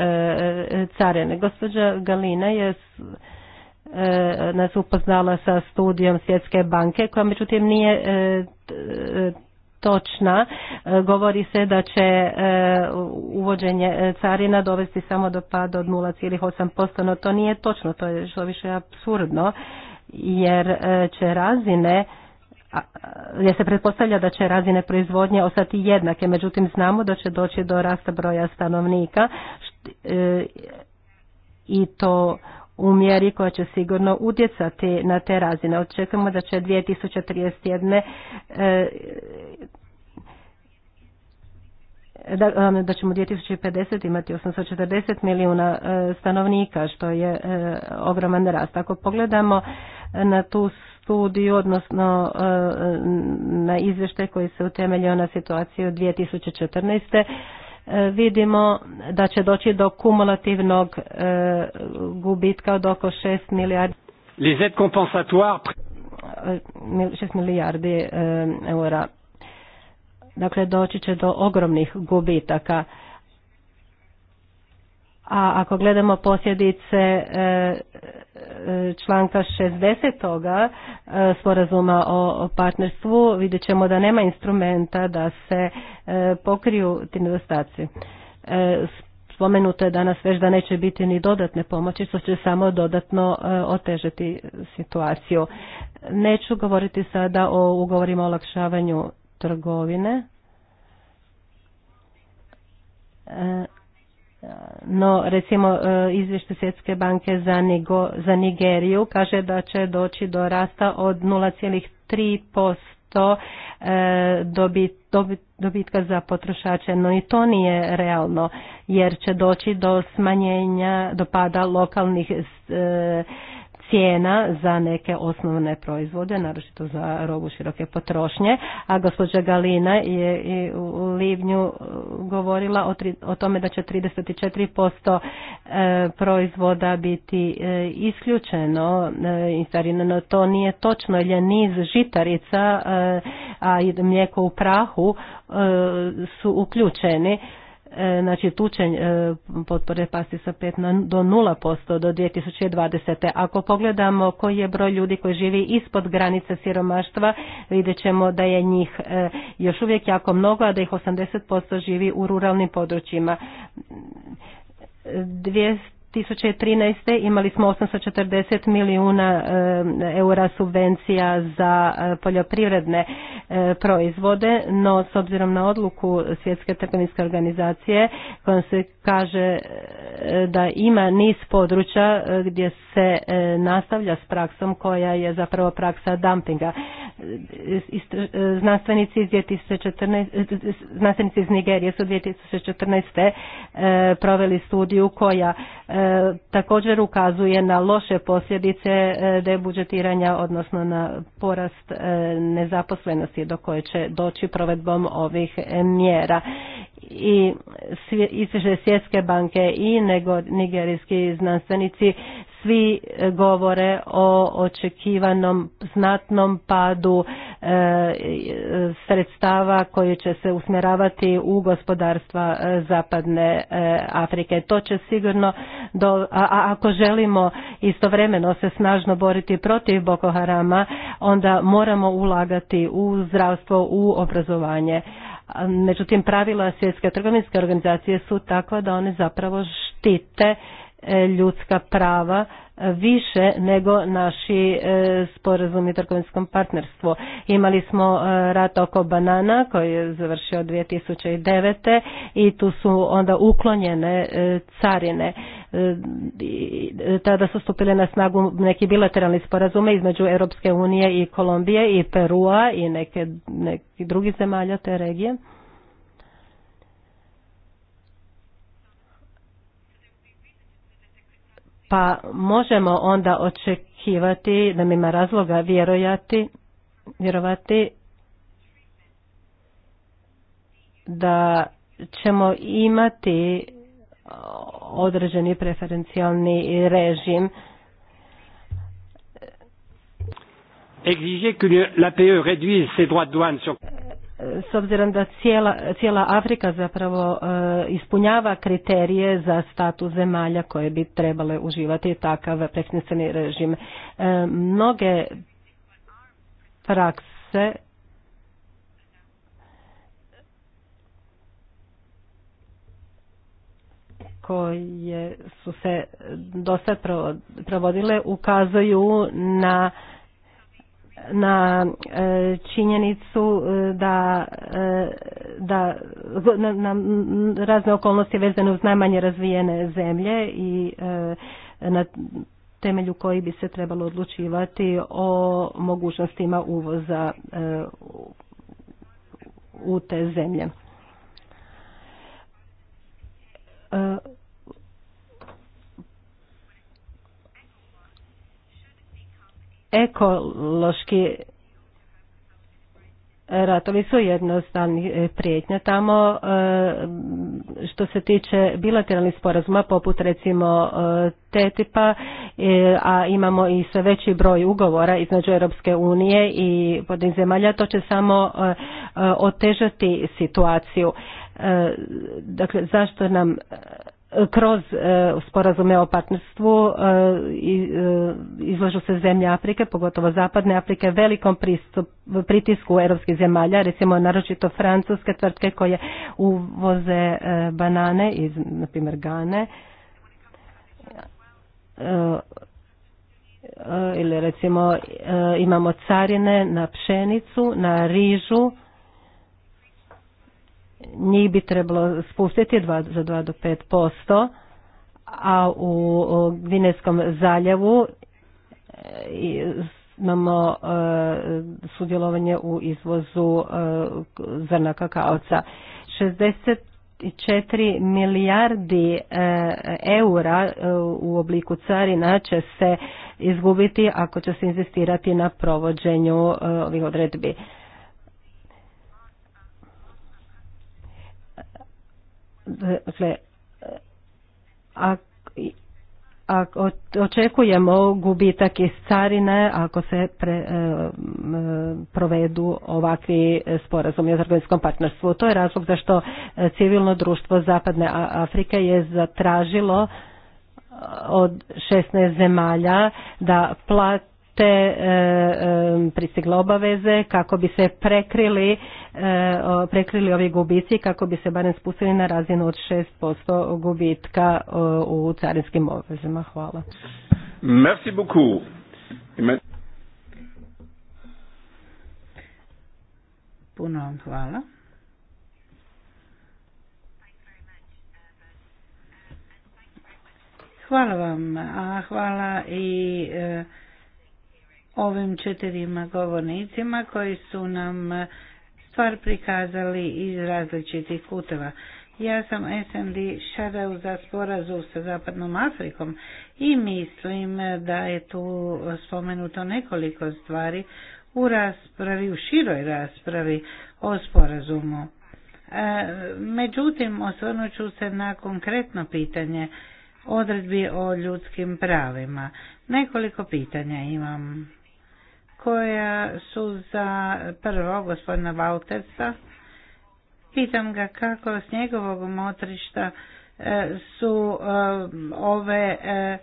carene. Gospođa Galina je E, nas upoznala sa studijom Svjetske banke koja međutim nije e, e, točna. Govori se da će uvođenje carina dovesti samo do pada od 0,8%, no to nije točno, to je što više absurdno jer će razine jer se pretpostavlja da će razine proizvodnje ostati jednake, međutim znamo da će doći do rasta broja stanovnika i to u mjeri koja će sigurno utjecati na te razine. Očekujemo da će 2031. E, um, da, ćemo 2050 imati 840 milijuna e, stanovnika, što je e, ogroman rast. Ako pogledamo na tu studiju, odnosno na izvještaj koji se utemeljio na situaciju 2014. E, vidimo da će doći do kumulativnog e, gubitka od oko 6 milijardi. Les aides compensatoires 6 e, milijardi eura. Dakle, doći će do ogromnih gubitaka. A ako gledamo posljedice e, e, članka 60. E, sporazuma o partnerstvu, vidjet ćemo da nema instrumenta da se pokriju ti nedostaci. Spomenuto je danas već da neće biti ni dodatne pomoći, što će samo dodatno otežati situaciju. Neću govoriti sada o ugovorima o olakšavanju trgovine no, recimo, e, izvješte Svjetske banke za, Nigo, za Nigeriju kaže da će doći do rasta od 0,3% e, dobit, dobitka za potrošače, no i to nije realno, jer će doći do smanjenja, do pada lokalnih e, cijena za neke osnovne proizvode, naročito za robu široke potrošnje, a gospođa Galina je i u Livnju e, govorila o, tome da će 34% e, proizvoda biti e, isključeno i no to nije točno, jer je niz žitarica, a i mlijeko u prahu su uključeni E, znači tučenj e, potpore pasti sa 5 do 0% do 2020. Ako pogledamo koji je broj ljudi koji živi ispod granice siromaštva, vidjet ćemo da je njih e, još uvijek jako mnogo, a da ih 80% živi u ruralnim područjima. 200 2013. imali smo 840 milijuna e, eura subvencija za e, poljoprivredne e, proizvode, no s obzirom na odluku Svjetske trgovinske organizacije kojom se kaže da ima niz područja gdje se nastavlja s praksom koja je zapravo praksa dumpinga. Znanstvenici iz, 2014, znanstvenici iz Nigerije su 2014. proveli studiju koja također ukazuje na loše posljedice e, debudžetiranja, odnosno na porast e, nezaposlenosti do koje će doći provedbom ovih e, mjera. I Svjetske banke i nego nigerijski znanstvenici svi e, govore o očekivanom znatnom padu e, e, sredstava koji će se usmjeravati u gospodarstva zapadne Afrike. To će sigurno, do, a ako želimo istovremeno se snažno boriti protiv Boko Harama, onda moramo ulagati u zdravstvo, u obrazovanje. Međutim, pravila svjetske trgovinske organizacije su takva da one zapravo štite E, ljudska prava e, više nego naši e, sporazumi i trgovinskom partnerstvu. Imali smo rat oko banana koji je završio 2009. i tu su onda uklonjene carine. Tada su stupile na snagu neki bilateralni sporazume između Europske unije i Kolumbije i Perua i neke, nekih drugih zemalja te regije. pa možemo onda očekivati da mi ima razloga vjerojati, vjerovati da ćemo imati određeni preferencijalni režim. Exiger que l'APE réduise ses droits s obzirom da cijela, cijela Afrika zapravo e, ispunjava kriterije za status zemalja koje bi trebale uživati takav preferencijalni režim. E, mnoge prakse koje su se do provodile ukazuju na na e, činjenicu e, da, e, da na, razne okolnosti vezane uz najmanje razvijene zemlje i na temelju koji bi se trebalo odlučivati o mogućnostima uvoza u te zemlje ekološki ratovi su jednostavni e, prijetnja tamo e, što se tiče bilateralnih sporazuma poput recimo e, TTIP-a, a imamo i sve veći broj ugovora između Europske unije i podnih zemalja, to će samo otežati situaciju. Dakle, zašto nam kroz e, sporazume o partnerstvu e, e, izlažu se zemlje Afrike, pogotovo zapadne Afrike, velikom pristup, pritisku europskih zemalja, recimo naročito francuske tvrtke koje uvoze banane iz, na primjer, Gane ili recimo imamo carine na pšenicu, na rižu, njih bi trebalo spustiti za 2 do 5%, a u Gvinejskom zaljevu e, imamo e, sudjelovanje u izvozu e, zrna kakaoca. 64 milijardi eura u obliku carina će se izgubiti ako će se inzistirati na provođenju ovih odredbi. Dakle, ako očekujemo gubitak iz carine ako se pre, e, e, provedu ovakvi sporazumi o trgovinskom partnerstvu. To je razlog zašto e, civilno društvo Zapadne Afrike je zatražilo od 16 zemalja da plati te e, e, pristigle obaveze kako bi se prekrili, e, prekrili ovi gubici kako bi se barem spustili na razinu od 6% gubitka u carinskim obvezama. Hvala. Merci beaucoup. Puno vam hvala. Hvala vam, a hvala i ovim četirima govornicima koji su nam e, stvar prikazali iz različitih kuteva. Ja sam SND Shadow za sporazum sa Zapadnom Afrikom i mislim da je tu spomenuto nekoliko stvari u raspravi, u široj raspravi o sporazumu. E, međutim, osvrnut ću se na konkretno pitanje odredbi o ljudskim pravima. Nekoliko pitanja imam koja su za prvo gospodina Valtersa. Pitam ga kako s njegovog motrišta e, su e, ove e,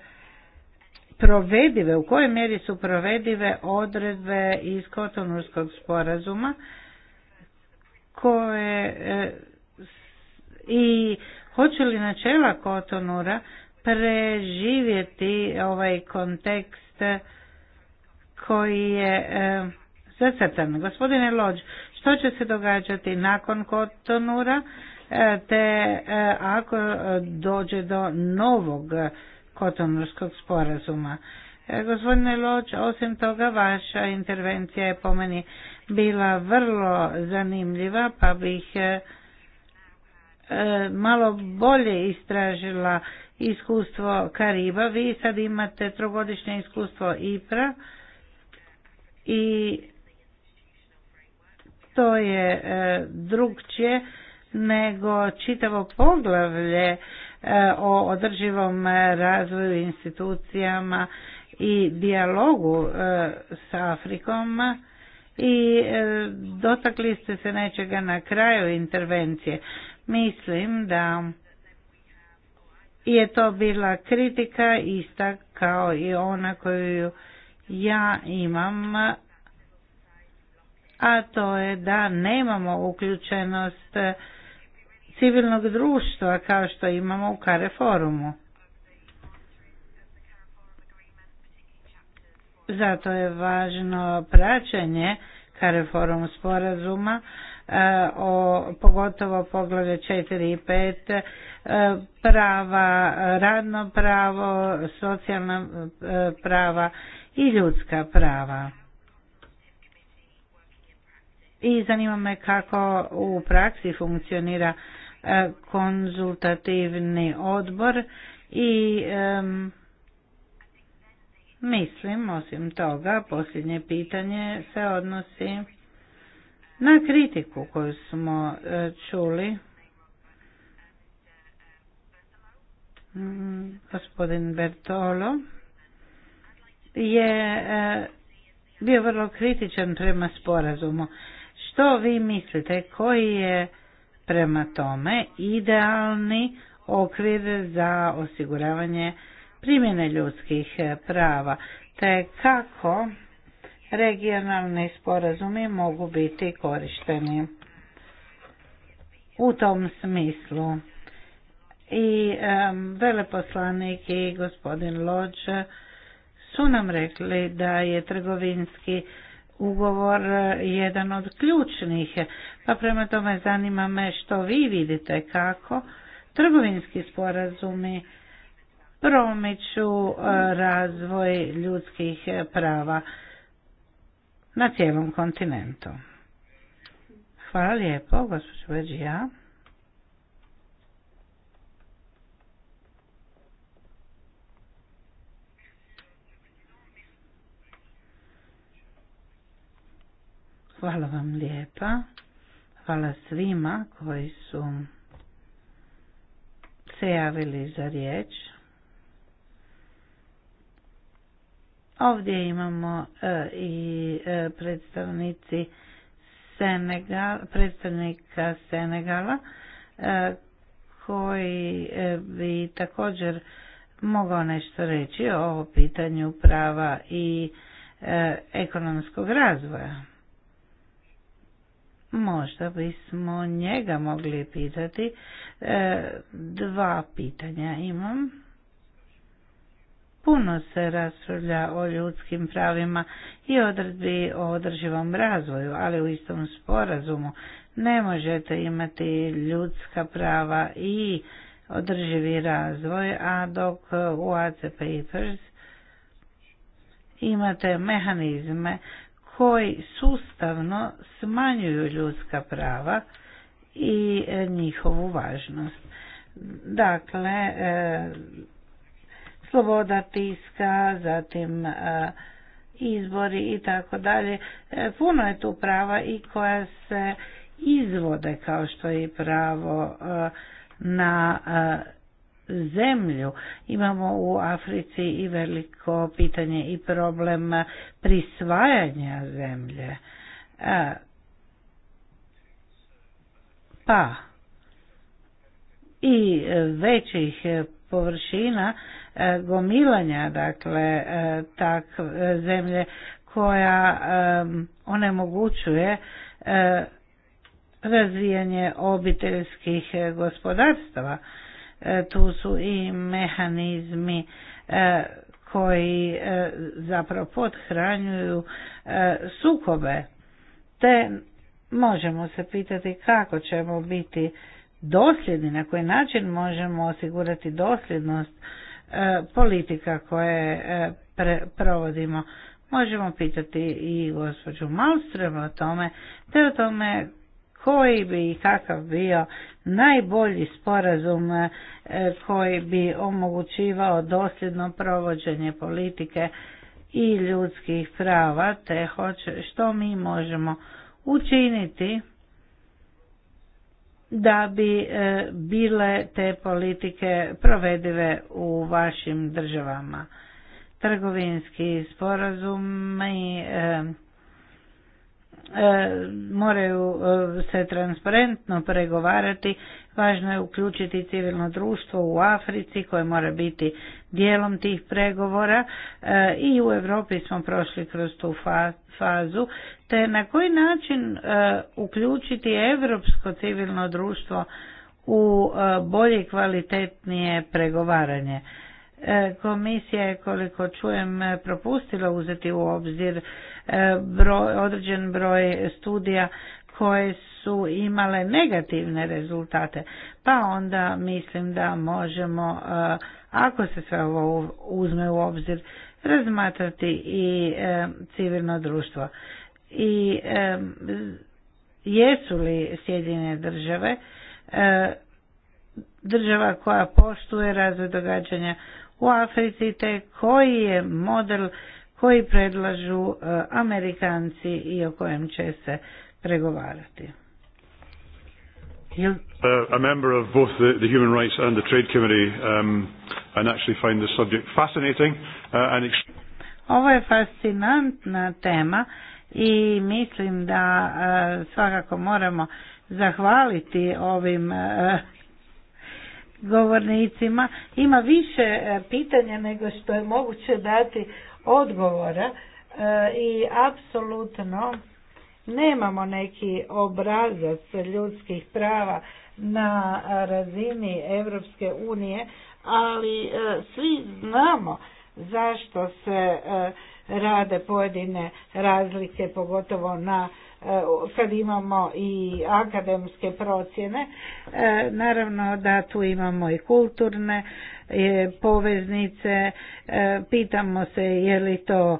provedive, u kojoj mjeri su provedive odredbe iz Kotonurskog sporazuma koje i hoće li načela Kotonura preživjeti ovaj kontekst koji je e, zacrtan. Gospodine Lođ, što će se događati nakon Kotonura e, te e, ako dođe do novog kotonurskog sporazuma? Gospodine Lodž, osim toga vaša intervencija je po meni bila vrlo zanimljiva, pa bih malo bolje istražila iskustvo Kariba. Vi sad imate trogodišnje iskustvo IPRA, i to je e, drugčije nego čitavo poglavlje e, o održivom e, razvoju institucijama i dialogu s Afrikom i dotakli ste se nečega na kraju intervencije. Mislim da je to bila kritika ista kao i ona koju ja imam, a to je da nemamo uključenost civilnog društva kao što imamo u Kare forumu. Zato je važno praćenje Kare forum sporazuma, e, o pogotovo poglavlje 4 i 5 e, prava, radno pravo, socijalna e, prava i ljudska prava. I zanima me kako u praksi funkcionira e, konzultativni odbor i mislim, osim toga, posljednje pitanje se odnosi na kritiku koju smo e, čuli. Mm, gospodin Bertolo je e, bio vrlo kritičan prema sporazumu. Što vi mislite, koji je prema tome idealni okvir za osiguravanje primjene ljudskih e, prava, te kako regionalni sporazumi mogu biti korišteni u tom smislu. I e, veleposlanik i gospodin Lodge su nam rekli da je trgovinski ugovor e, jedan od ključnih, pa prema tome zanima me što vi vidite kako trgovinski sporazumi promiču e, razvoj ljudskih prava na cijelom kontinentu. Hvala lijepo, gospođo Beđija. Hvala vam lijepa. Hvala svima koji su se javili za riječ. Ovdje imamo e, i e, predstavnici predstavnika Senegala e, koji bi također mogao nešto reći o pitanju prava i ekonomskog razvoja. Možda bismo njega mogli pitati. E, dva pitanja imam. Puno se raspravlja o ljudskim pravima i odredbi o održivom razvoju, ali u istom sporazumu ne možete imati ljudska prava i održivi razvoj, a dok u AC Papers imate mehanizme koji sustavno smanjuju ljudska prava i e, njihovu važnost. Dakle, e, sloboda tiska, zatim e, izbori i tako dalje. Puno je tu prava i koja se izvode kao što je pravo na zemlju. Imamo u Africi i veliko pitanje i problem prisvajanja zemlje. Pa i većih površina e, gomilanja dakle e, tak zemlje koja e, onemogućuje razvijanje obiteljskih gospodarstava E, tu su i mehanizmi e, koji e, zapravo podhranjuju sukobe. Te možemo se pitati kako ćemo biti dosljedni, na koji način možemo osigurati dosljednost politika koje provodimo. Možemo pitati i gospođu Malstrem o tome, te o tome koji bi i kakav bio najbolji sporazum e, koji bi omogućivao dosljedno provođenje politike i ljudskih prava, te što mi možemo učiniti da bi e, bile te politike provedive u vašim državama. Trgovinski sporazum i e, E, moraju e, se transparentno pregovarati, važno je uključiti civilno društvo u Africi koje mora biti dijelom tih pregovora e, i u Europi smo prošli kroz tu fazu, te na koji način uključiti europsko civilno društvo u bolje kvalitetnije pregovaranje. E, komisija je koliko čujem propustila uzeti u obzir e, određen broj studija koje su imale negativne rezultate. Pa onda mislim da možemo, e, ako se sve ovo uzme u obzir, razmatrati i civilno društvo. I jesu li Sjedinjene države država koja poštuje razvoj događanja u Africi te koji je model koji predlažu e, Amerikanci i o kojem će se pregovarati. Uh, a member of both the, the Human Rights and the Trade Committee um, and actually find the subject fascinating uh, and Ovo je fascinantna tema i mislim da uh, svakako moramo zahvaliti ovim uh, govornicima. Ima više e, pitanja nego što je moguće dati odgovora e, i apsolutno nemamo neki obrazac ljudskih prava na razini Europske unije, ali e, svi znamo zašto se rade pojedine razlike, pogotovo na kad e, imamo i akademske procjene. E, naravno da tu imamo i kulturne e, poveznice, pitamo se je li to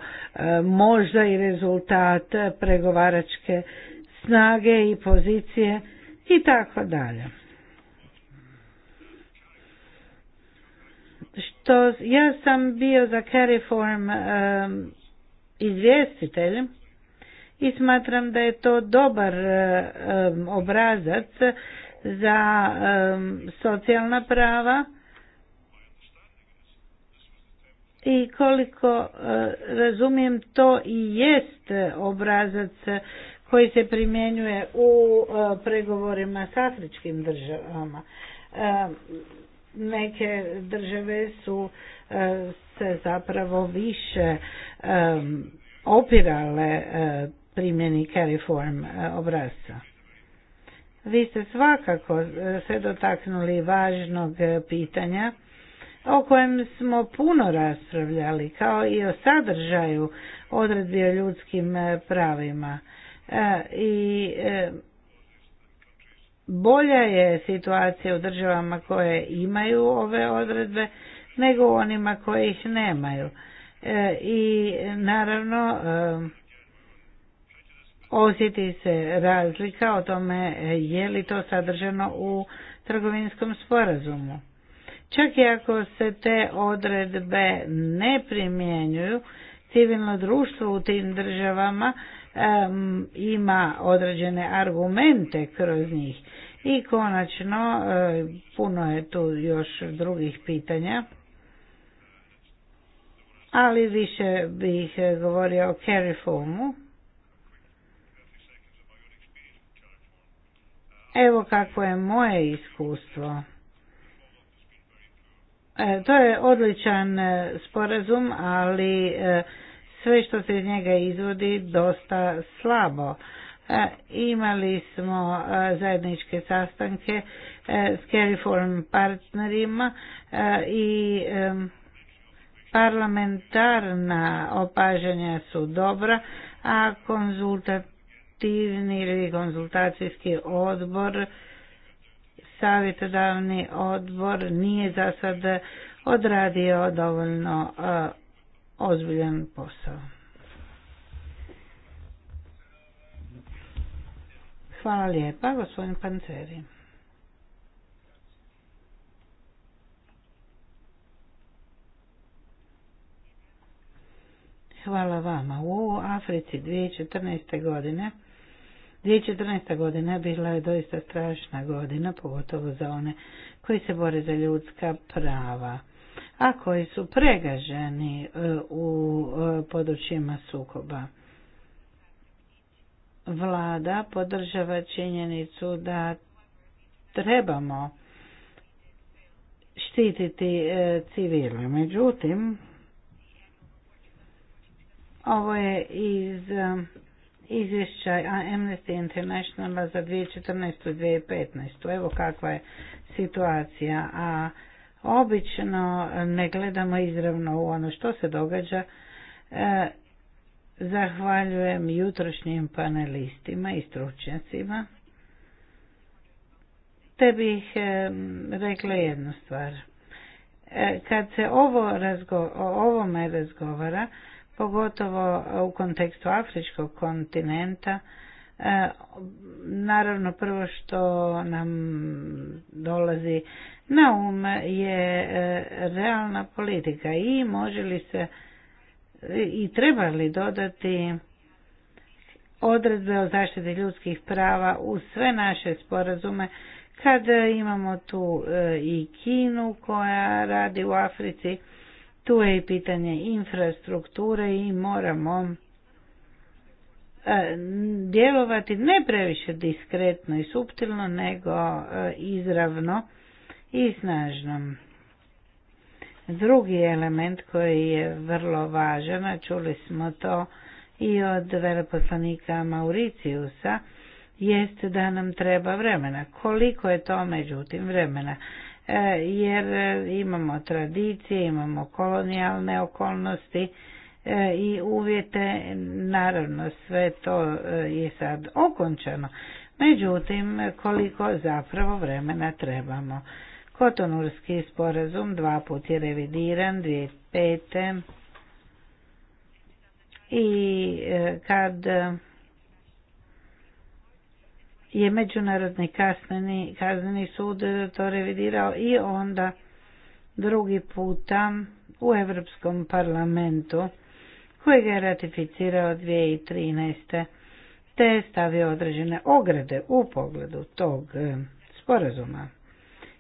možda i rezultat pregovaračke snage i pozicije i tako dalje. ja sam bio za Cariform um, izvjestiteljem i smatram da je to dobar e, obrazac za socijalna prava i koliko e, razumijem to i jest obrazac koji se primjenjuje u e, pregovorima s afričkim državama. Neke države su se zapravo više opirale primjeni reform e, obrazca. Vi ste svakako e, se dotaknuli važnog e, pitanja o kojem smo puno raspravljali, kao i o sadržaju odredbi o ljudskim pravima. I bolja je situacija u državama koje imaju ove odredbe nego u onima koje ih nemaju. I naravno osjeti se razlika o tome e, je li to sadržano u trgovinskom sporazumu. Čak i ako se te odredbe ne primjenjuju, civilno društvo u tim državama ima određene argumente kroz njih. I konačno, e, puno je tu još drugih pitanja, ali više bih e, govorio o Carifomu. Evo kako je moje iskustvo. E, to je odličan e, sporazum, ali e, sve što se iz njega izvodi dosta slabo. E, imali smo zajedničke sastanke s Cariform partnerima i parlamentarna opažanja su dobra, a konzultat konzultativni ili konzultacijski odbor, savjetodavni odbor nije za sad odradio dovoljno ozbiljan posao. Hvala lijepa, gospodin Panceri. Hvala vama. U Africi 2014. godine 2014. godina bila je doista strašna godina, pogotovo za one koji se bore za ljudska prava, a koji su pregaženi e, u e, područjima sukoba. Vlada podržava činjenicu da trebamo štititi e, civile. Međutim, ovo je iz izvješća Amnesty Internationala za 2014. i 2015. Evo kakva je situacija. A obično ne gledamo izravno u ono što se događa. E, zahvaljujem jutrošnjim panelistima i stručnjacima. Te bih e, rekla jednu stvar. E, kad se ovo razgo, o ovome razgovara, pogotovo eh, u kontekstu afričkog kontinenta. Eh, naravno prvo što nam dolazi na um je eh, realna politika i može li se i treba li dodati odredbe o zaštiti ljudskih prava u sve naše sporazume kada imamo tu i Kinu koja radi u Africi tu je i pitanje infrastrukture i moramo e, djelovati ne previše diskretno i suptilno, nego e, izravno i snažno. Drugi element koji je vrlo važan, a čuli smo to i od veleposlanika Mauriciusa, jest da nam treba vremena. Koliko je to međutim vremena? E, jer e, imamo tradicije, imamo kolonijalne okolnosti e, i uvjete, naravno sve to je sad okončano. Međutim, koliko zapravo vremena trebamo. Kotonurski sporazum dva put je revidiran, 2005. I kad je Međunarodni kazneni, kazneni sud to revidirao i onda drugi puta u Europskom parlamentu ga je ratificirao 2013. te je stavio određene ograde u pogledu tog e, sporazuma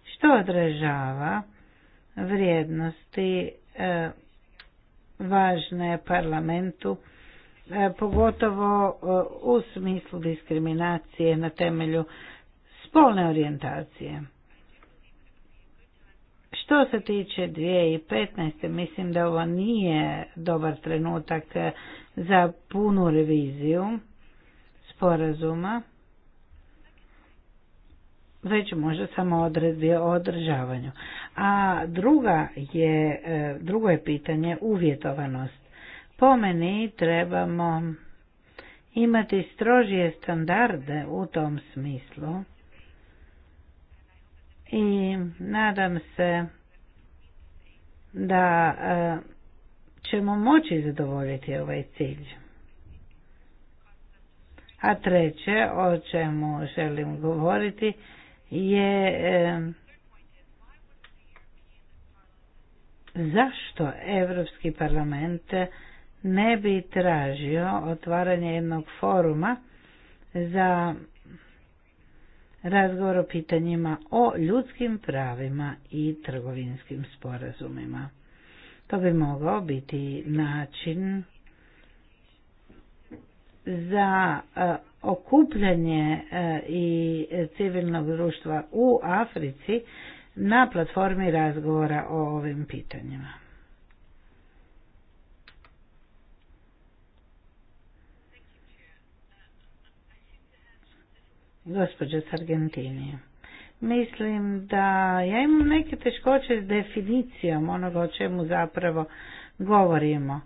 što odražava vrijednosti e, važne parlamentu E, pogotovo e, u smislu diskriminacije na temelju spolne orijentacije. Što se tiče 2015. mislim da ovo nije dobar trenutak za punu reviziju sporazuma, već može samo odredbi o održavanju. A druga je, e, drugo je pitanje uvjetovanost. Po meni trebamo imati strožije standarde u tom smislu i nadam se da e, ćemo moći zadovoljiti ovaj cilj. A treće o čemu želim govoriti je e, zašto Europski parlament ne bi tražio otvaranje jednog foruma za razgovor o pitanjima o ljudskim pravima i trgovinskim sporazumima. To bi mogao biti način za e, okupljanje e, i civilnog društva u Africi na platformi razgovora o ovim pitanjima. s argentinije mislim da ja imam neke teškoće s definicijom onoga o čemu zapravo govorimo.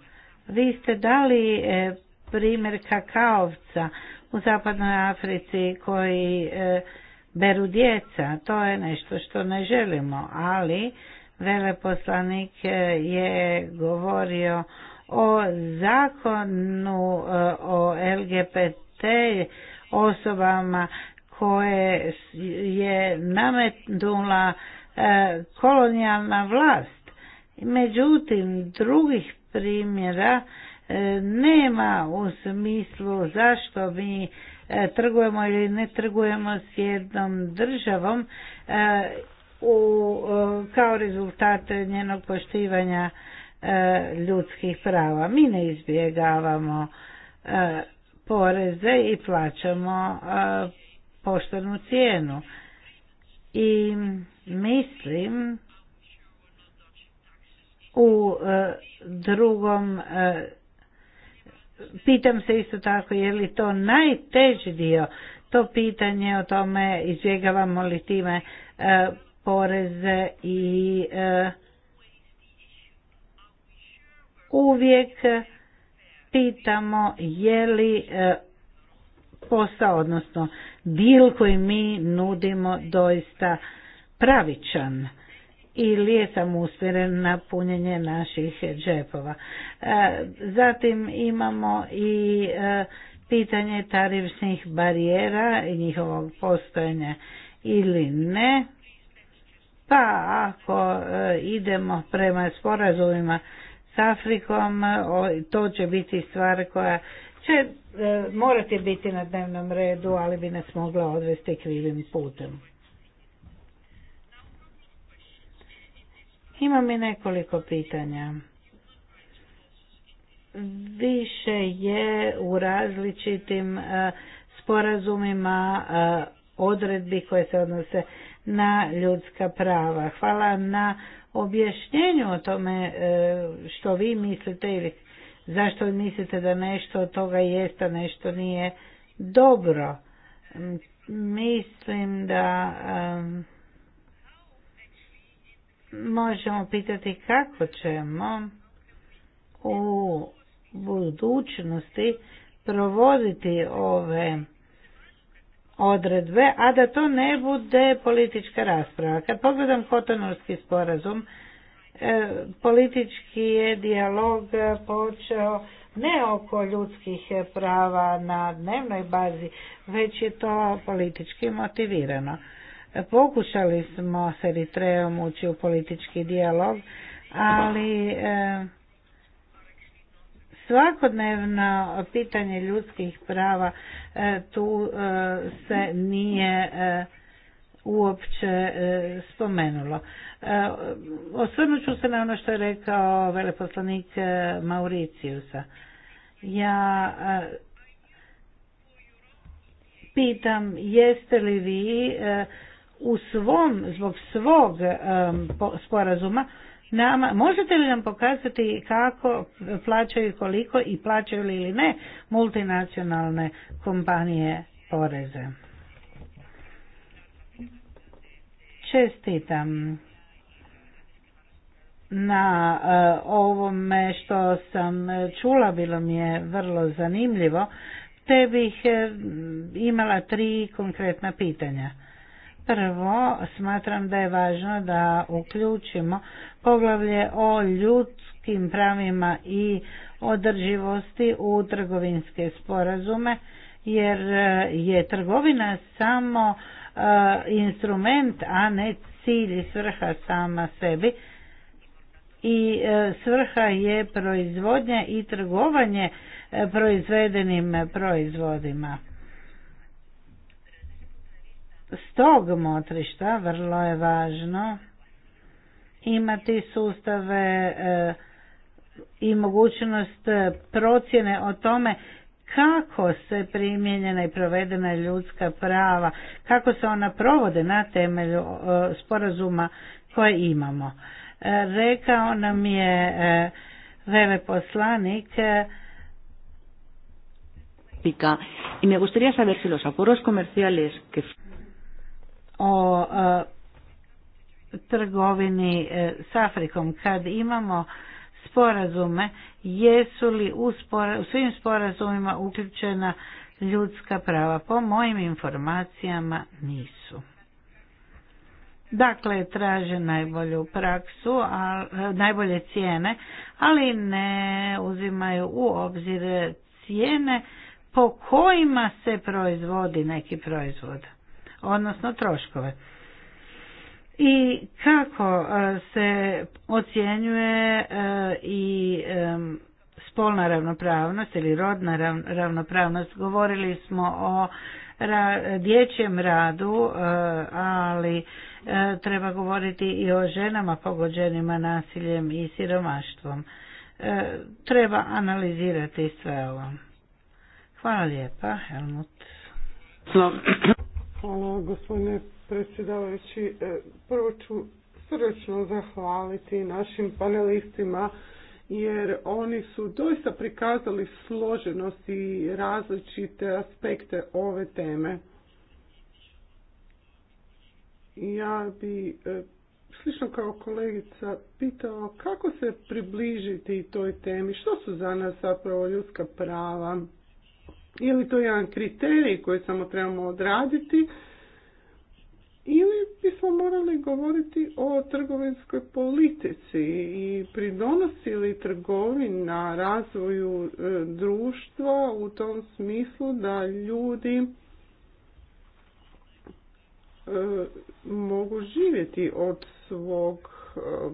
Vi ste dali e, primjer kakaovca u zapadnoj Africi koji e, beru djeca, to je nešto što ne želimo, ali veleposlanik e, je govorio o zakonu o LGBT osobama koje je nametnula e, kolonijalna vlast. Međutim, drugih primjera e, nema u smislu zašto mi e, trgujemo ili ne trgujemo s jednom državom u, kao rezultat njenog poštivanja ljudskih prava. Mi ne izbjegavamo poreze i plaćamo poštenu cijenu. I mislim u e, drugom e, pitam se isto tako je li to najteži dio to pitanje o tome izbjegavamo li time e, poreze i uvijek pitamo je li posao, odnosno dil koji mi nudimo doista pravičan ili je usmjeren na punjenje naših džepova. E, zatim imamo i e, pitanje tarifnih barijera i njihovog postojanja ili ne. Pa ako e, idemo prema sporazumima s Afrikom, to će biti stvar koja će e, morati biti na dnevnom redu, ali bi nas mogla odvesti krivim putem. Imam i nekoliko pitanja. Više je u različitim e, sporazumima e, odredbi koje se odnose na ljudska prava. Hvala na objašnjenju o tome što vi mislite ili zašto mislite da nešto od toga jest, a nešto nije dobro. Mislim da možemo pitati kako ćemo u budućnosti provoditi ove odredbe, a da to ne bude politička rasprava. Kad pogledam kotonorski sporazum, E, politički je dijalog počeo ne oko ljudskih prava na dnevnoj bazi, već je to politički motivirano. Pokušali smo s Eritreom ući u politički dijalog, ali e, svakodnevno pitanje ljudskih prava e, tu se nije uopće e, spomenulo. E, osvrnut ću se na ono što je rekao veleposlanik e, Mauriciusa. Ja pitam jeste li vi u svom, zbog svog sporazuma, nama, možete li nam pokazati kako plaćaju i koliko i plaćaju li ili ne multinacionalne kompanije poreze? čestitam na e, ovome što sam čula, bilo mi je vrlo zanimljivo, te bih e, imala tri konkretna pitanja. Prvo, smatram da je važno da uključimo poglavlje o ljudskim pravima i održivosti u trgovinske sporazume, jer e, je trgovina samo E, instrument, a ne cilj i svrha sama sebi. I e, svrha je proizvodnja i trgovanje e, proizvedenim proizvodima. S tog motrišta vrlo je važno imati sustave i mogućnost procjene o tome kako se primjenjena i provedena ljudska prava, kako se ona provode na temelju e, sporazuma koje imamo. E, rekao nam je e, veleposlanik i me gustaría saber si los acuerdos comerciales que o trgovini s Afrikom kad imamo sporazume, jesu li u, svim sporazumima uključena ljudska prava? Po mojim informacijama nisu. Dakle, traže najbolju praksu, a, najbolje cijene, ali ne uzimaju u obzir cijene po kojima se proizvodi neki proizvod, odnosno troškove i kako e, se ocjenjuje e, i e, spolna ravnopravnost ili rodna ravnopravnost. Govorili smo o dječjem radu, ali treba govoriti i o ženama pogođenima nasiljem i siromaštvom. Treba analizirati sve ovo. Hvala lijepa, Helmut. Hvala gospodine predsjedavajući. E, prvo ću srdečno zahvaliti našim panelistima jer oni su doista prikazali složenost i različite aspekte ove teme. Ja bi e, slično kao kolegica pitao kako se približiti toj temi, što su za nas zapravo ljudska prava, je li to jedan kriterij koji samo trebamo odraditi ili bismo morali govoriti o trgovinskoj politici i pridonosili li na razvoju e, društva u tom smislu da ljudi e, mogu živjeti od svog e,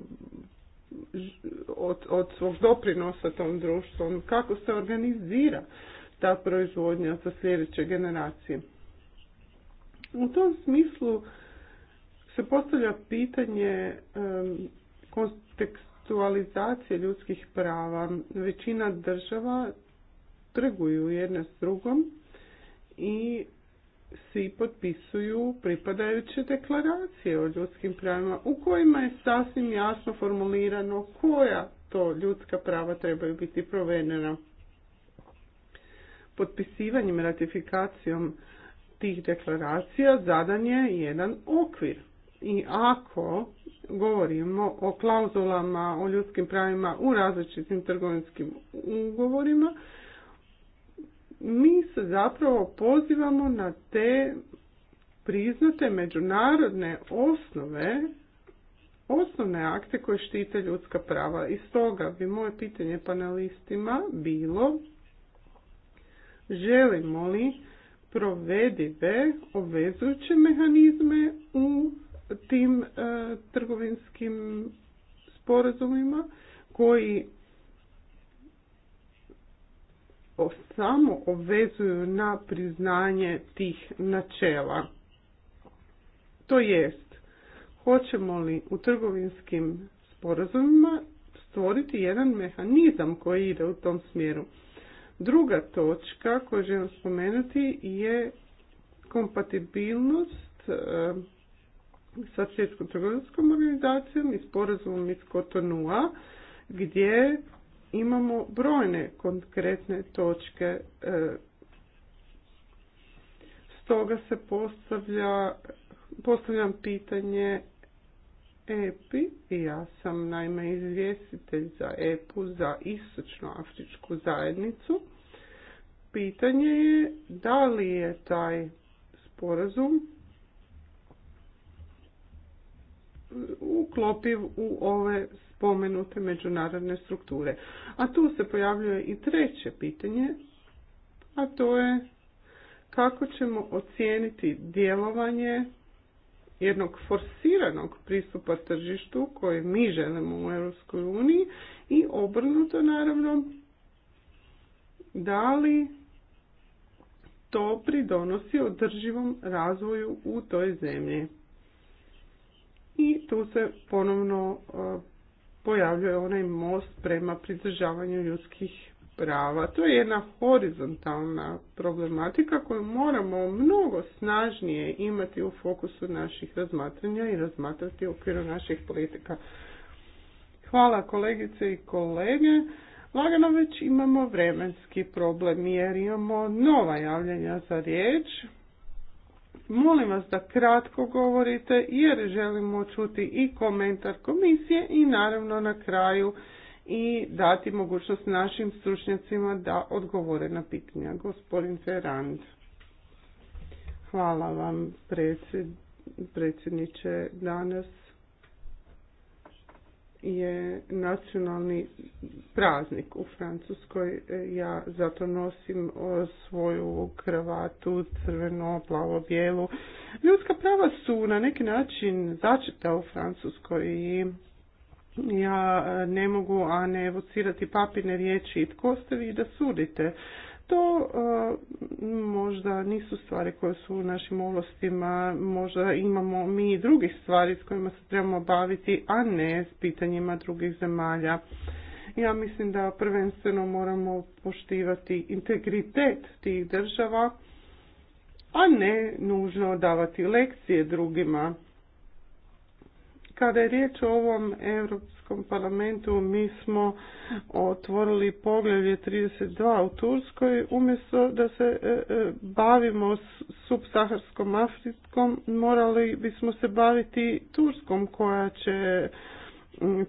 od, od svog doprinosa tom društvom, kako se organizira ta proizvodnja za sljedeće generacije. U tom smislu se postavlja pitanje kontekstualizacije ljudskih prava. Većina država trguju jedna s drugom i svi potpisuju pripadajuće deklaracije o ljudskim pravima u kojima je sasvim jasno formulirano koja to ljudska prava trebaju biti provedena. Potpisivanjem ratifikacijom tih deklaracija zadan je jedan okvir i ako govorimo o klauzulama o ljudskim pravima u različitim trgovinskim ugovorima, mi se zapravo pozivamo na te priznate međunarodne osnove, osnovne akte koje štite ljudska prava. I stoga bi moje pitanje panelistima bilo želimo li provedive obvezujuće mehanizme u tim e, trgovinskim sporazumima koji samo obvezuju na priznanje tih načela. To jest, hoćemo li u trgovinskim sporazumima stvoriti jedan mehanizam koji ide u tom smjeru. Druga točka koju želim spomenuti je kompatibilnost e, sa svjetskom trgovinskom organizacijom i sporazumom iz Kotonua gdje imamo brojne konkretne točke. E, stoga se postavlja, postavljam pitanje EPI i ja sam naime izvjestitelj za EPU za istočnoafričku zajednicu. Pitanje je da li je taj sporazum uklopiv u ove spomenute međunarodne strukture. A tu se pojavljuje i treće pitanje, a to je kako ćemo ocijeniti djelovanje jednog forsiranog pristupa tržištu koje mi želimo u Europskoj uniji i obrnuto naravno da li to pridonosi održivom razvoju u toj zemlji i tu se ponovno e, pojavljuje onaj most prema pridržavanju ljudskih prava. To je jedna horizontalna problematika koju moramo mnogo snažnije imati u fokusu naših razmatranja i razmatrati u okviru naših politika. Hvala kolegice i kolege. Lagano već imamo vremenski problem jer imamo nova javljanja za riječ. Molim vas da kratko govorite jer želimo čuti i komentar komisije i naravno na kraju i dati mogućnost našim stručnjacima da odgovore na pitanja. Gospodin Ferrand. Hvala vam predsjedniče. Danas je nacionalni praznik u Francuskoj. E, ja zato nosim e, svoju kravatu crveno, plavo, bijelu. Ljudska prava su na neki način začeta u Francuskoj i ja e, ne mogu, a ne evocirati papirne riječi i tko ste vi da sudite to možda nisu stvari koje su u našim ovlastima, možda imamo mi i drugih stvari s kojima se trebamo baviti, a ne s pitanjima drugih zemalja. Ja mislim da prvenstveno moramo poštivati integritet tih država, a ne nužno davati lekcije drugima. Kada je riječ o ovom EU, parlamentu mi smo otvorili poglavlje 32 u Turskoj umjesto da se e, e, bavimo subsaharskom Afrikom morali bismo se baviti Turskom koja će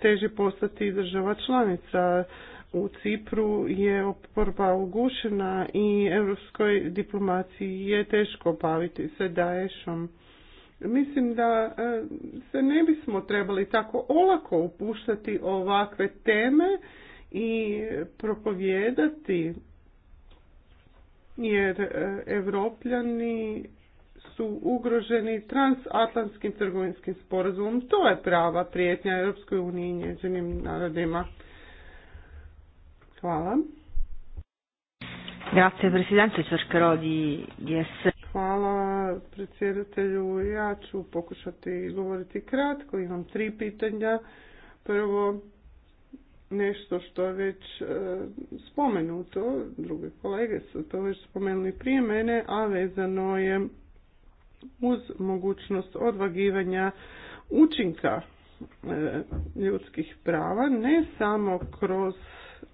teži postati država članica u Cipru je oporba ugušena i europskoj diplomaciji je teško baviti se daješom. Mislim da e, se ne bismo trebali tako olako upuštati ovakve teme i propovijedati jer e, evropljani su ugroženi transatlantskim trgovinskim sporazumom. To je prava prijetnja Europskoj uniji i njezinim narodima. Hvala. Grazie Presidente, cercherò di, di Hvala predsjedatelju. Ja ću pokušati govoriti kratko. Imam tri pitanja. Prvo, nešto što je već e, spomenuto, druge kolege su to već spomenuli prije mene, a vezano je uz mogućnost odvagivanja učinka e, ljudskih prava, ne samo kroz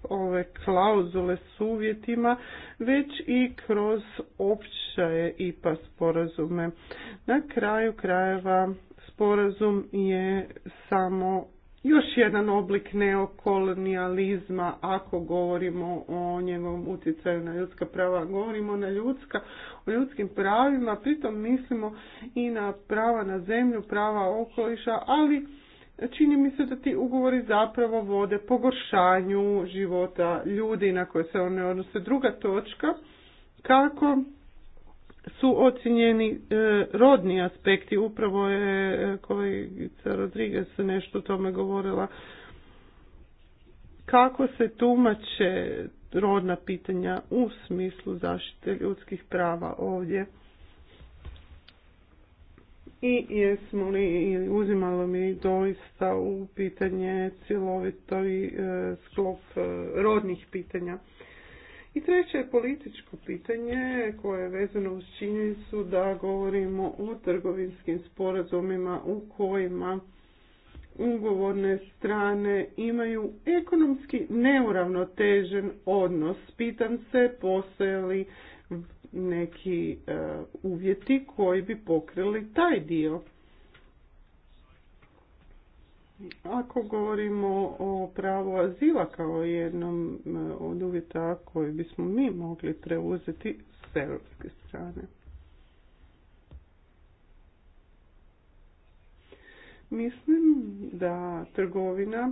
ove klauzule s uvjetima, već i kroz opće IPA sporazume. Na kraju krajeva sporazum je samo još jedan oblik neokolonijalizma ako govorimo o njegovom utjecaju na ljudska prava, govorimo na ljudska, o ljudskim pravima, pritom mislimo i na prava na zemlju, prava okoliša, ali čini mi se da ti ugovori zapravo vode pogoršanju života ljudi na koje se one odnose. Druga točka, kako su ocjenjeni e, rodni aspekti, upravo je e, kolegica Rodriguez nešto o tome govorila, kako se tumače rodna pitanja u smislu zaštite ljudskih prava ovdje i jesmo li ili uzimalo mi doista u pitanje cjelovito i e, sklop e, rodnih pitanja. I treće je političko pitanje koje je vezano uz činjenicu da govorimo o trgovinskim sporazumima u kojima ugovorne strane imaju ekonomski neuravnotežen odnos. Pitam se postoje li neki e, uvjeti koji bi pokrili taj dio. Ako govorimo o pravu azila kao jednom e, od uvjeta koji bismo mi mogli preuzeti s europske strane. Mislim da trgovina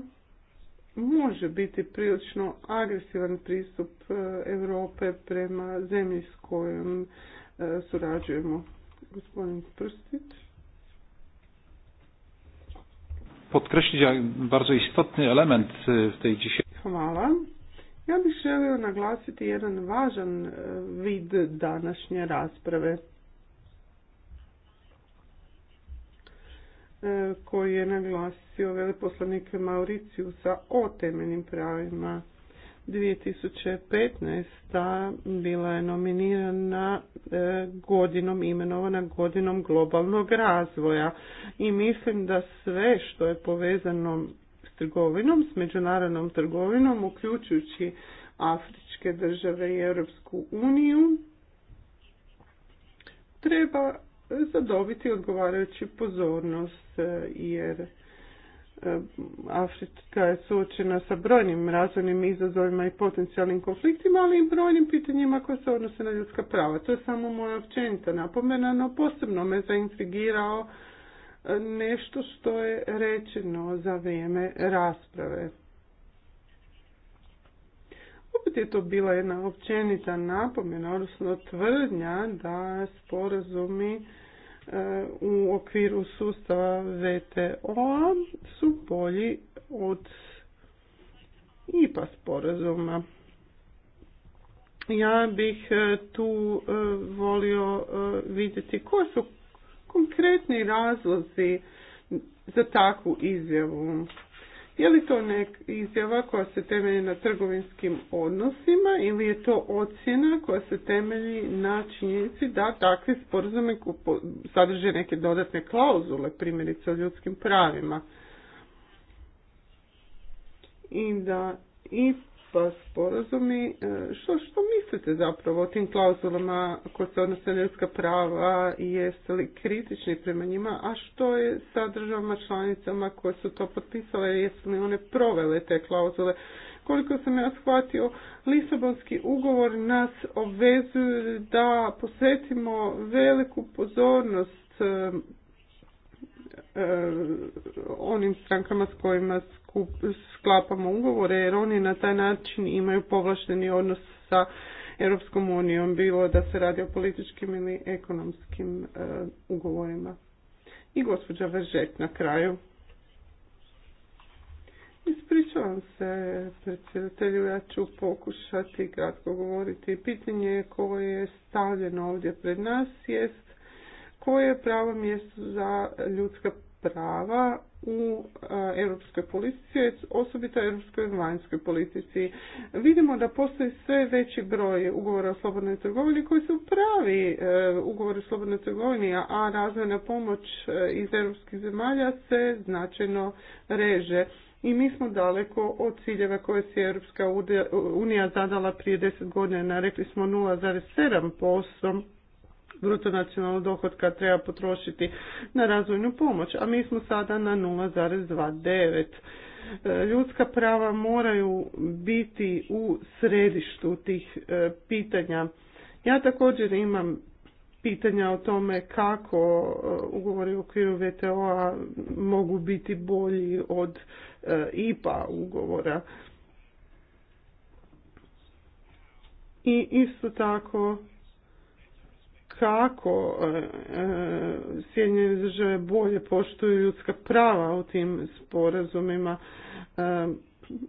može biti prilično agresivan pristup e, Europe prema zemlji s kojom e, surađujemo. Gospodin bardzo element e, tej Hvala. Ja bih želio naglasiti jedan važan vid današnje rasprave E, koji je naglasio veleposlanik sa o temeljnim pravima. 2015. bila je nominirana e, godinom, imenovana godinom globalnog razvoja i mislim da sve što je povezano s trgovinom, s međunarodnom trgovinom, uključujući afričke države i Europsku uniju, treba zadobiti odgovarajuću pozornost e, jer e, Afrika je suočena sa brojnim razvojnim izazovima i potencijalnim konfliktima, ali i brojnim pitanjima koje se odnose na ljudska prava. To je samo moja općenita napomena, no posebno me zaintrigirao e, nešto što je rečeno za vrijeme rasprave. Opet je to bila jedna općenita napomena, odnosno tvrdnja da sporazumi E, u okviru sustava VTO-a su bolji od IPA sporazuma. Ja bih e, tu e, volio vidjeti koji su konkretni razlozi za takvu izjavu. Je li to nek izjava koja se temelji na trgovinskim odnosima ili je to ocjena koja se temelji na činjenici da takvi sporazume sadrže neke dodatne klauzule, primjerice o ljudskim pravima? I da i pa sporazumi, e, što, što mislite zapravo o tim klauzulama koje se odnose na ljudska prava i jeste li kritični prema njima, a što je sa državama članicama koje su to potpisale, jesu li one provele te klauzule? Koliko sam ja shvatio, Lisabonski ugovor nas obvezuje da posvetimo veliku pozornost e, e, onim strankama s kojima sklapamo ugovore jer oni na taj način imaju povlašteni odnos sa Europskom unijom, bilo da se radi o političkim ili ekonomskim e, ugovorima. I gospođa Veržet na kraju. Ispričavam se predsjedatelju, ja ću pokušati kratko govoriti. Pitanje koje je stavljeno ovdje pred nas jest koje je pravo mjesto za ljudska prava u e, europskoj politici, osobito europskoj vanjskoj politici. Vidimo da postoji sve veći broj ugovora o slobodnoj trgovini koji su pravi e, ugovori o slobodnoj trgovini, a razvojna pomoć e, iz europskih zemalja se značajno reže. I mi smo daleko od ciljeva koje se Europska unija zadala prije deset godina. Rekli smo 0,7% bruto nacionalnog dohodka treba potrošiti na razvojnu pomoć, a mi smo sada na 0,29. E, ljudska prava moraju biti u središtu tih e, pitanja. Ja također imam pitanja o tome kako e, ugovori u okviru VTO-a mogu biti bolji od IPA ugovora. I isto tako kako e, e, Sjedinjene države bolje poštuju ljudska prava u tim sporazumima e,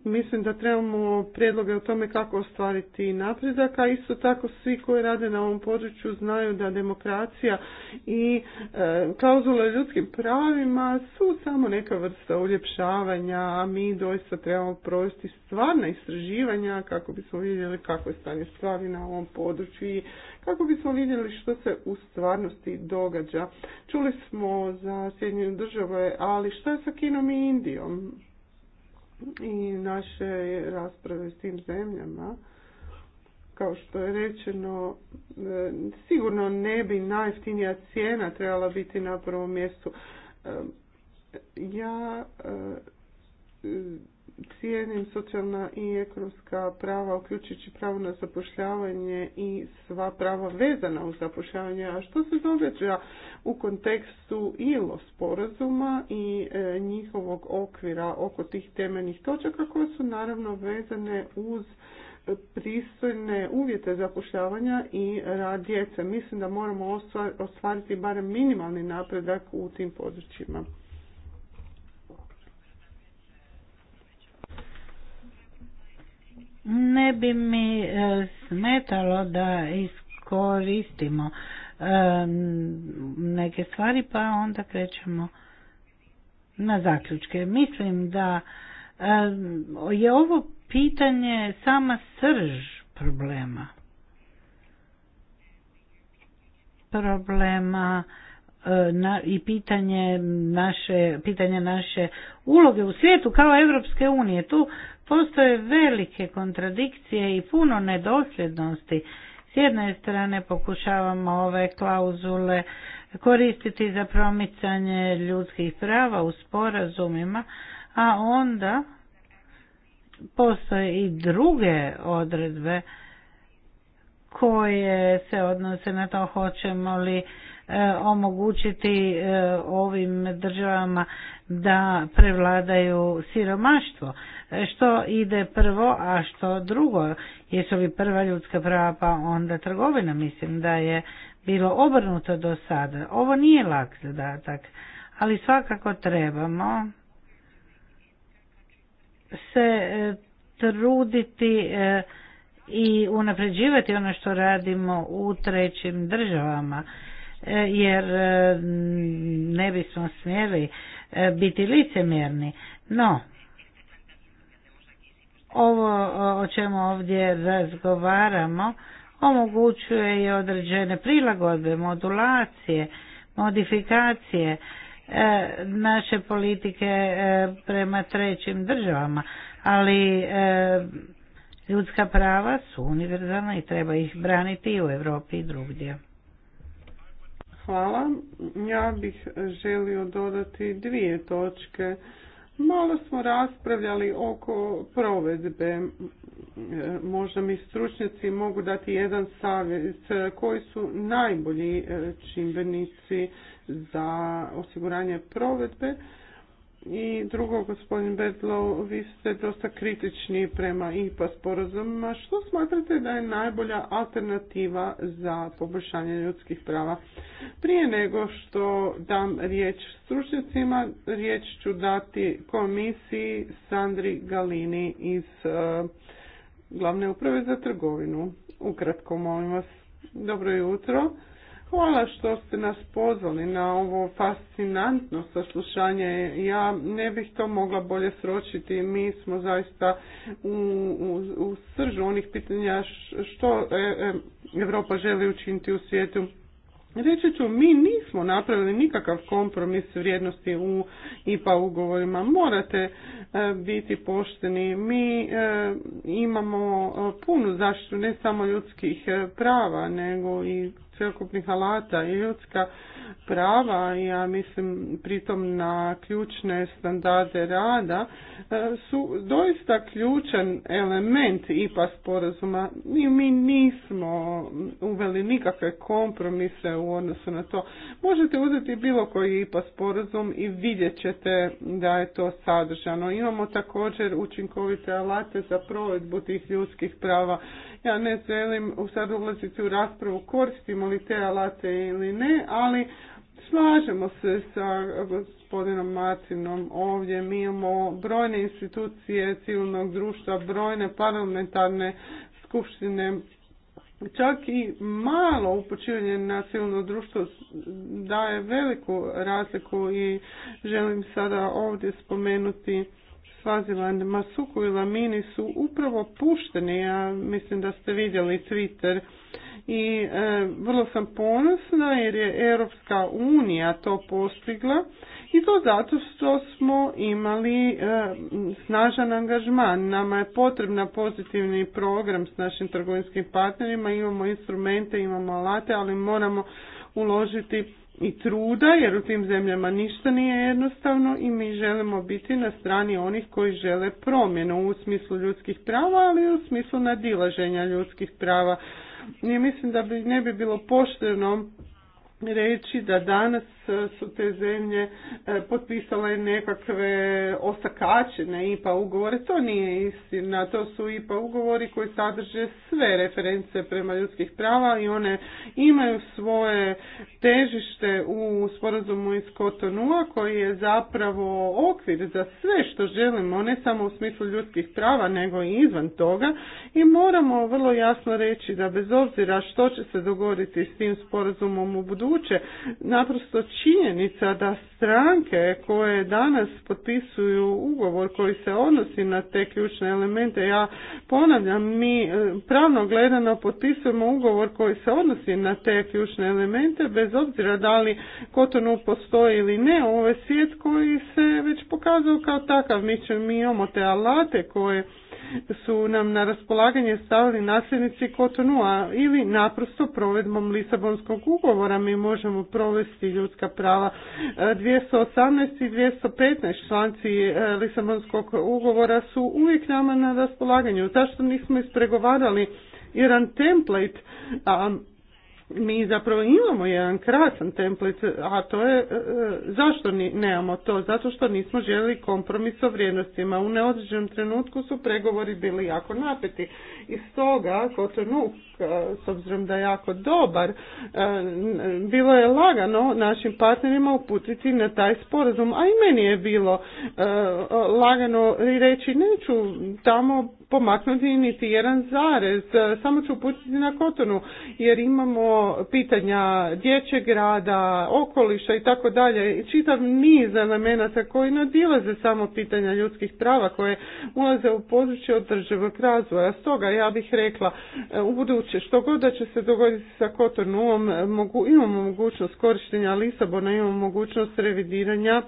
mislim da trebamo prijedloge o tome kako ostvariti napredak, a isto tako svi koji rade na ovom području znaju da demokracija i e, klauzula ljudskim pravima su samo neka vrsta uljepšavanja, a mi doista trebamo provesti stvarna istraživanja kako bismo vidjeli kako je stanje stvari na ovom području i kako bismo vidjeli što se u stvarnosti događa. Čuli smo za Sjedinjene države, ali što je sa Kinom i Indijom? i naše rasprave s tim zemljama, kao što je rečeno, e, sigurno ne bi najftinija cijena trebala biti na prvom mjestu. E, ja e, cijenim socijalna i ekonomska prava, uključujući pravo na zapošljavanje i sva prava vezana uz zapošljavanje. A što se događa u kontekstu ILO sporazuma i e, njihovog okvira oko tih temeljnih točaka koje su naravno vezane uz pristojne uvjete zapošljavanja i rad djece. Mislim da moramo ostvariti barem minimalni napredak u tim područjima. Ne bi mi e, smetalo da iskoristimo e, neke stvari pa onda krećemo na zaključke. Mislim da e, je ovo pitanje sama srž problema. Problema i pitanje naše, pitanje naše uloge u svijetu kao Evropske unije. Tu Postoje velike kontradikcije i puno nedosljednosti. S jedne strane pokušavamo ove klauzule koristiti za promicanje ljudskih prava u sporazumima, a onda postoje i druge odredbe koje se odnose na to hoćemo li e, omogućiti e, ovim državama da prevladaju siromaštvo. E, što ide prvo, a što drugo. Jesu li prva ljudska prava pa onda trgovina? Mislim da je bilo obrnuto do sada. Ovo nije lak zadatak, ali svakako trebamo se e, truditi e, i unapređivati ono što radimo u trećim državama jer ne bismo smjeli biti licemjerni. No, ovo o čemu ovdje razgovaramo omogućuje i određene prilagodbe, modulacije, modifikacije e, naše politike e, prema trećim državama, ali e, ljudska prava su univerzalna i treba ih braniti i u Europi i drugdje. Hvala. Ja bih želio dodati dvije točke Malo smo raspravljali oko provedbe. E, možda mi stručnjaci mogu dati jedan savjet koji su najbolji e, čimbenici za osiguranje provedbe i drugo, gospodin Bezlo, vi ste dosta kritični prema IPA sporazumima. Što smatrate da je najbolja alternativa za poboljšanje ljudskih prava? Prije nego što dam riječ stručnjacima, riječ ću dati komisiji Sandri Galini iz e, glavne uprave za trgovinu. Ukratko, molim vas. Dobro jutro. Hvala što ste nas pozvali na ovo fascinantno saslušanje. Ja ne bih to mogla bolje sročiti. Mi smo zaista u, u, sržu onih pitanja što e, e, Europa želi učiniti u svijetu. Reći ću, mi nismo napravili nikakav kompromis vrijednosti u IPA ugovorima. Morate e, biti pošteni. Mi imamo punu zaštitu ne samo ljudskih prava, nego i cjelokupnih alata i ljudska prava, ja mislim pritom na ključne standarde rada, e, su doista ključan element IPA sporazuma. Mi, mi nismo uveli nikakve kompromise u odnosu na to. Možete uzeti bilo koji IPA sporazum i vidjet ćete da je to sadržano. Imamo također učinkovite alate za provedbu tih ljudskih prava ja ne želim sad ulaziti u raspravu koristimo li te alate ili ne, ali slažemo se sa gospodinom Martinom ovdje. Mi imamo brojne institucije civilnog društva, brojne parlamentarne skupštine, čak i malo upočivanje na civilno društvo daje veliku razliku i želim sada ovdje spomenuti Svaziland, Masuku i Lamini su upravo pušteni, ja mislim da ste vidjeli Twitter i e, vrlo sam ponosna jer je Europska unija to postigla i to zato što smo imali e, snažan angažman. Nama je potrebna pozitivni program s našim trgovinskim partnerima, imamo instrumente, imamo alate, ali moramo uložiti i truda, jer u tim zemljama ništa nije jednostavno i mi želimo biti na strani onih koji žele promjenu u smislu ljudskih prava, ali i u smislu nadilaženja ljudskih prava. I mislim da bi ne bi bilo pošteno reći da danas su te zemlje e, potpisale nekakve osakačene IPA ugovore. To nije istina. To su IPA ugovori koji sadrže sve reference prema ljudskih prava i one imaju svoje težište u sporazumu iz Kotonua koji je zapravo okvir za sve što želimo, ne samo u smislu ljudskih prava nego i izvan toga i moramo vrlo jasno reći da bez obzira što će se dogoditi s tim sporazumom u buduće, naprosto činjenica da stranke koje danas potpisuju ugovor koji se odnosi na te ključne elemente, ja ponavljam, mi e, pravno gledano potpisujemo ugovor koji se odnosi na te ključne elemente, bez obzira da li Kotonu postoji ili ne, ovo je svijet koji se već pokazao kao takav, mi imamo te alate koje su nam na raspolaganje stavili nasljednici Kotonua ili naprosto provedbom Lisabonskog ugovora mi možemo provesti ljudska prava. 218 i 215 članci e, Lisabonskog ugovora su uvijek nama na raspolaganju. Zašto nismo ispregovarali jedan template a, mi zapravo imamo jedan krasan template, a to je e, e, zašto nemamo to? Zato što nismo željeli kompromis o vrijednostima. U neodređenom trenutku su pregovori bili jako napeti. I stoga Kotonuk, e, s obzirom da je jako dobar, bilo je lagano našim partnerima uputiti na taj sporazum. A i meni je bilo lagano i reći neću tamo pomaknuti niti jedan zarez, samo ću uputiti na Kotonu jer imamo pitanja dječjeg rada, okoliša i tako dalje, čitav niz elemenata koji nadilaze samo pitanja ljudskih prava koje ulaze u područje održivog razvoja. Stoga ja bih rekla e, u buduće što god da će se dogoditi sa mogu, imamo mogućnost korištenja Lisabona, imamo mogućnost revidiranja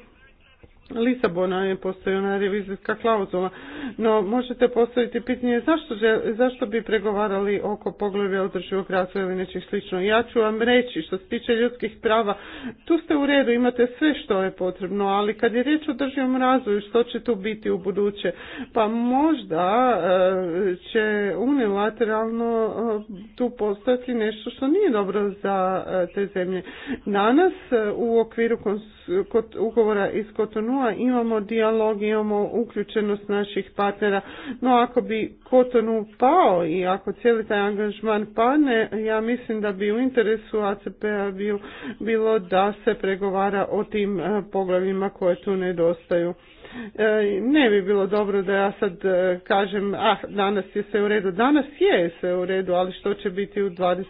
Lisabona je na revizijska klauzula, no možete postaviti pitanje zašto, zašto bi pregovarali oko poglavlja održivog razvoja ili nečeg slično. Ja ću vam reći što se tiče ljudskih prava, tu ste u redu, imate sve što je potrebno, ali kad je riječ o održivom razvoju, što će tu biti u buduće? Pa možda e, će unilateralno e, tu postati nešto što nije dobro za e, te zemlje. Danas u okviru konsultacije kod ugovora iz Kotonua imamo dijalog, imamo uključenost naših partnera, no ako bi Kotonu pao i ako cijeli taj angažman pane, ja mislim da bi u interesu ACP-a bilo da se pregovara o tim eh, poglavima koje tu nedostaju. E, ne bi bilo dobro da ja sad e, kažem, ah, danas je sve u redu. Danas je sve u redu, ali što će biti u 20,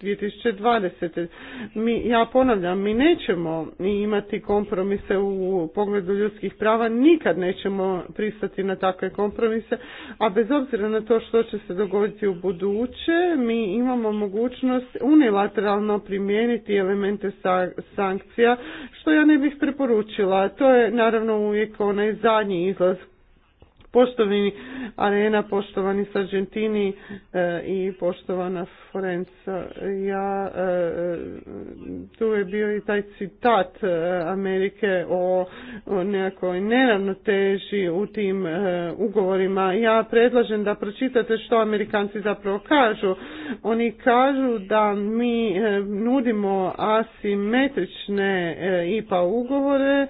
2020. E, mi, ja ponavljam, mi nećemo imati kompromise u pogledu ljudskih prava, nikad nećemo pristati na takve kompromise, a bez obzira na to što će se dogoditi u buduće, mi imamo mogućnost unilateralno primijeniti elemente sankcija, što ja ne bih preporučila. To je naravno uvijek tek onaj zadnji izlaz poštovani Arena, poštovani Sargentini e, i poštovana Forenca. Ja, e, e, tu je bio i taj citat Amerike o nekakvoj neravnoteži u tim ugovorima. Ja predlažem da pročitate što Amerikanci zapravo kažu. Oni kažu da mi nudimo asimetrične IPA ugovore,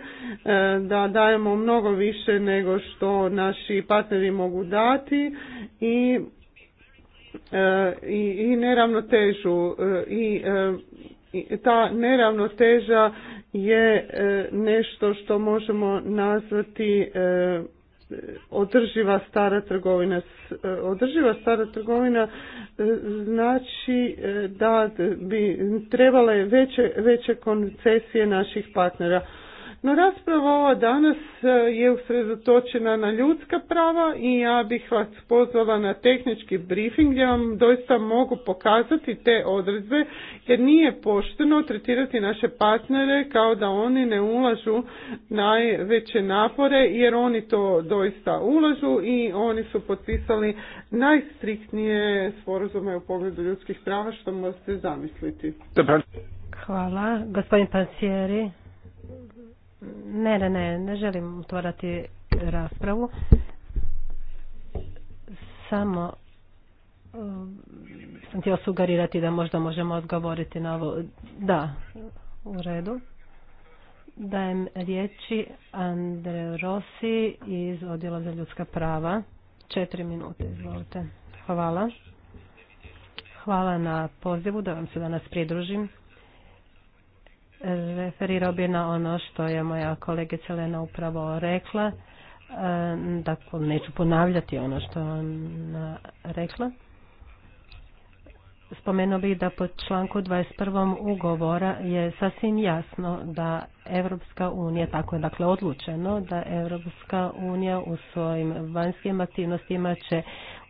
da dajemo mnogo više nego što naši i partneri mogu dati i e, i, neravnotežu e, i, e, i ta neravnoteža je nešto što možemo nazvati održiva stara trgovina. Održiva stara trgovina znači da bi trebale veće, veće koncesije naših partnera. No rasprava ova danas e, je usredotočena na ljudska prava i ja bih vas pozvala na tehnički briefing gdje vam doista mogu pokazati te odredbe jer nije pošteno tretirati naše partnere kao da oni ne ulažu najveće napore jer oni to doista ulažu i oni su potpisali najstriktnije sporazume u pogledu ljudskih prava što možete zamisliti. Hvala. Gospodin Pansieri. Ne, ne, ne, ne želim otvarati raspravu. Samo um, sam htio sugerirati da možda možemo odgovoriti na ovo. Da, u redu. Dajem riječi Andre Rossi iz Odjela za ljudska prava. Četiri minute, izvolite. Hvala. Hvala na pozivu da vam se danas pridružim. Referirao bi na ono što je moja kolegica Lena upravo rekla. E, dakle, neću ponavljati ono što ona rekla. Spomenuo bih da po članku 21. ugovora je sasvim jasno da Evropska unija, tako je dakle odlučeno, da Evropska unija u svojim vanjskim aktivnostima će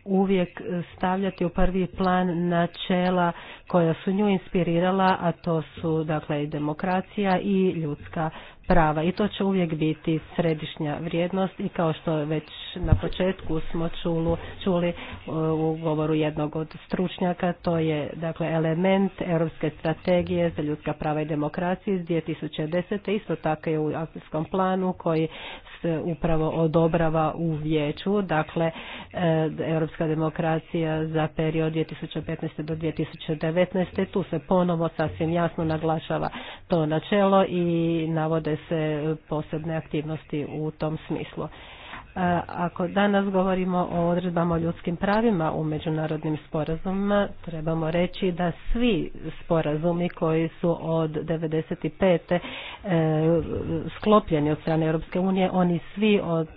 uvijek stavljati u prvi plan načela koja su nju inspirirala, a to su dakle i demokracija i ljudska prava i to će uvijek biti središnja vrijednost i kao što već na početku smo čuli, čuli e, u govoru jednog od stručnjaka, to je dakle element Europske strategije za ljudska prava i demokracije iz 2010. Isto tako je u akcijskom planu koji se upravo odobrava u vijeću, dakle e, Europska demokracija za period 2015. do 2019. Tu se ponovo sasvim jasno naglašava to načelo i navode se posebne aktivnosti u tom smislu. E, ako danas govorimo o odredbama o ljudskim pravima u međunarodnim sporazumima, trebamo reći da svi sporazumi koji su od 1995. E, sklopljeni od strane Europske unije, oni svi od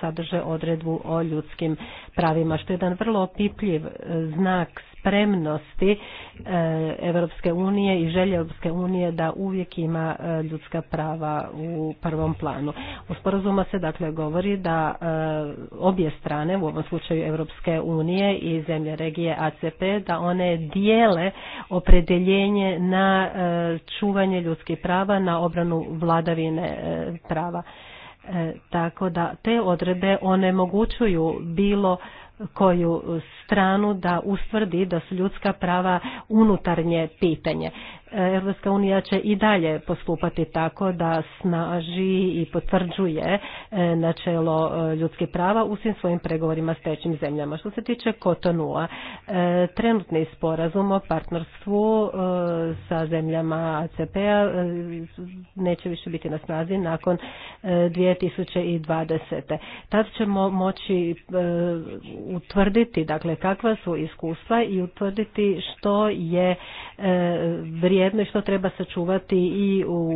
sadrže odredbu o ljudskim pravima, što je jedan vrlo opipljiv e, znak spremnosti Europske unije i želje Europske unije da uvijek ima e, ljudska prava u prvom planu. U sporazuma se dakle govori da e, obje strane, u ovom slučaju Europske unije i zemlje regije ACP, da one dijele opredeljenje na e, čuvanje ljudskih prava, na obranu vladavine prava. Tako da te odrebe onemogućuju bilo koju stranu da ustvrdi da su ljudska prava unutarnje pitanje. Europska unija će i dalje postupati tako da snaži i potvrđuje e, načelo e, ljudskih prava u svim svojim pregovorima s trećim zemljama. Što se tiče Kotonua, e, trenutni sporazum o partnerstvu sa zemljama ACP-a neće više biti na snazi nakon 2020. Tad ćemo moći utvrditi dakle kakva su iskustva i utvrditi što je vrijednost vrijedno i što treba sačuvati i u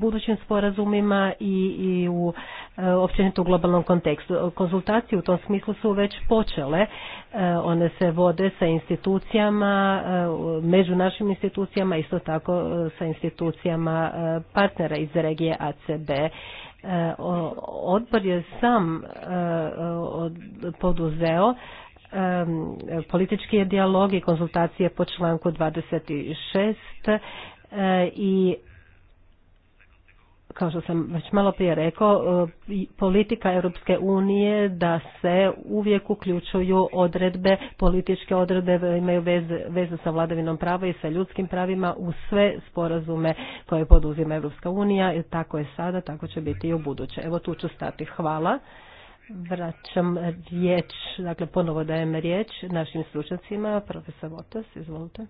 budućim sporazumima i, u e, općenito u globalnom kontekstu. Konzultacije u tom smislu su već počele. E, one se vode sa institucijama, e, među našim institucijama, isto tako sa institucijama partnera iz regije ACB. Odbor je sam poduzeo politički dijalog i konzultacije po članku 26 e, i kao što sam već malo prije rekao, e, politika Europske unije da se uvijek uključuju odredbe, političke odredbe imaju veze, vezu sa vladavinom prava i sa ljudskim pravima u sve sporazume koje poduzima Europska unija. Tako je sada, tako će biti i u buduće. Evo tu ću stati. Hvala vraćam riječ, dakle ponovo dajem riječ našim stručnjacima. Profesor Votas, izvolite.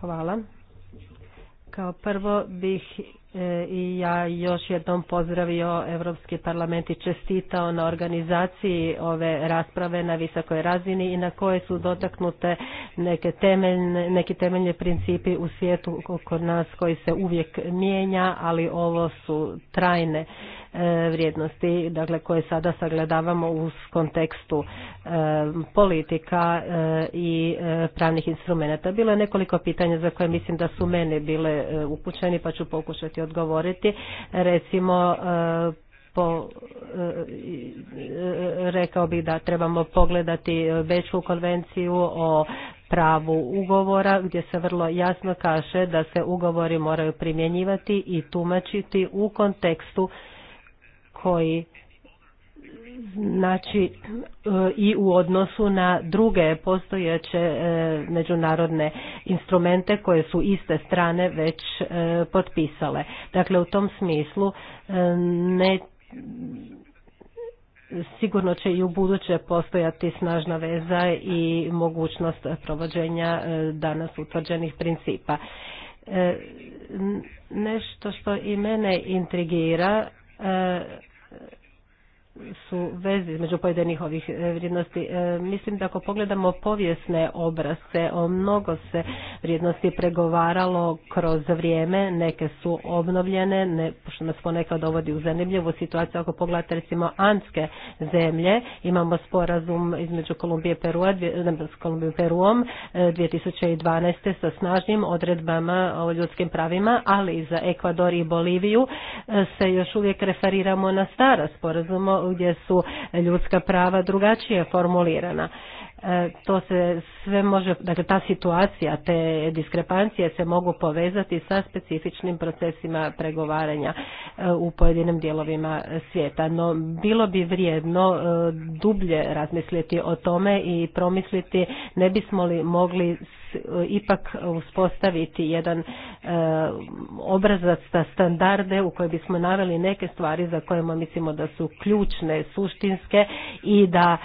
Hvala. Kao prvo bih e, i ja još jednom pozdravio Europski parlament i čestitao na organizaciji ove rasprave na visokoj razini i na koje su dotaknute neke temeljne, neki temeljni principi u svijetu kod nas koji se uvijek mijenja, ali ovo su trajne E, vrijednosti dakle koje sada sagledavamo u kontekstu e, politika e, i pravnih instrumenata. Bilo je nekoliko pitanja za koje mislim da su mene bile upućeni pa ću pokušati odgovoriti. Recimo po, rekao bih da trebamo pogledati Bečku konvenciju o pravu ugovora gdje se vrlo jasno kaže da se ugovori moraju primjenjivati i tumačiti u kontekstu koji znači e, i u odnosu na druge postojeće e, međunarodne instrumente koje su iste strane već e, potpisale. Dakle, u tom smislu sigurno će i u buduće postojati snažna veza i mogućnost provođenja danas utvrđenih principa. Nešto što i mene intrigira Hvala e, su veze između pojedinih ovih e, vrijednosti. E, mislim da ako pogledamo povijesne obrazce, o mnogo se vrijednosti pregovaralo kroz vrijeme, neke su obnovljene, ne, pošto nas ponekad dovodi u zanimljivu situaciju, ako pogledate recimo Anske zemlje, imamo sporazum između Kolumbije i Perua, ne, s i Peruom 2012. E, sa snažnim odredbama o ljudskim pravima, ali i za Ekvador i Boliviju se još uvijek referiramo na stara sporazuma gdje su ljudska prava drugačije formulirana E, to se sve može, dakle ta situacija, te diskrepancije se mogu povezati sa specifičnim procesima pregovaranja e, u pojedinim dijelovima svijeta. No bilo bi vrijedno e, dublje razmisliti o tome i promisliti ne bismo li mogli ipak uspostaviti jedan obrazac za standarde u koje bismo naveli neke stvari za koje mislimo da su ključne, suštinske i da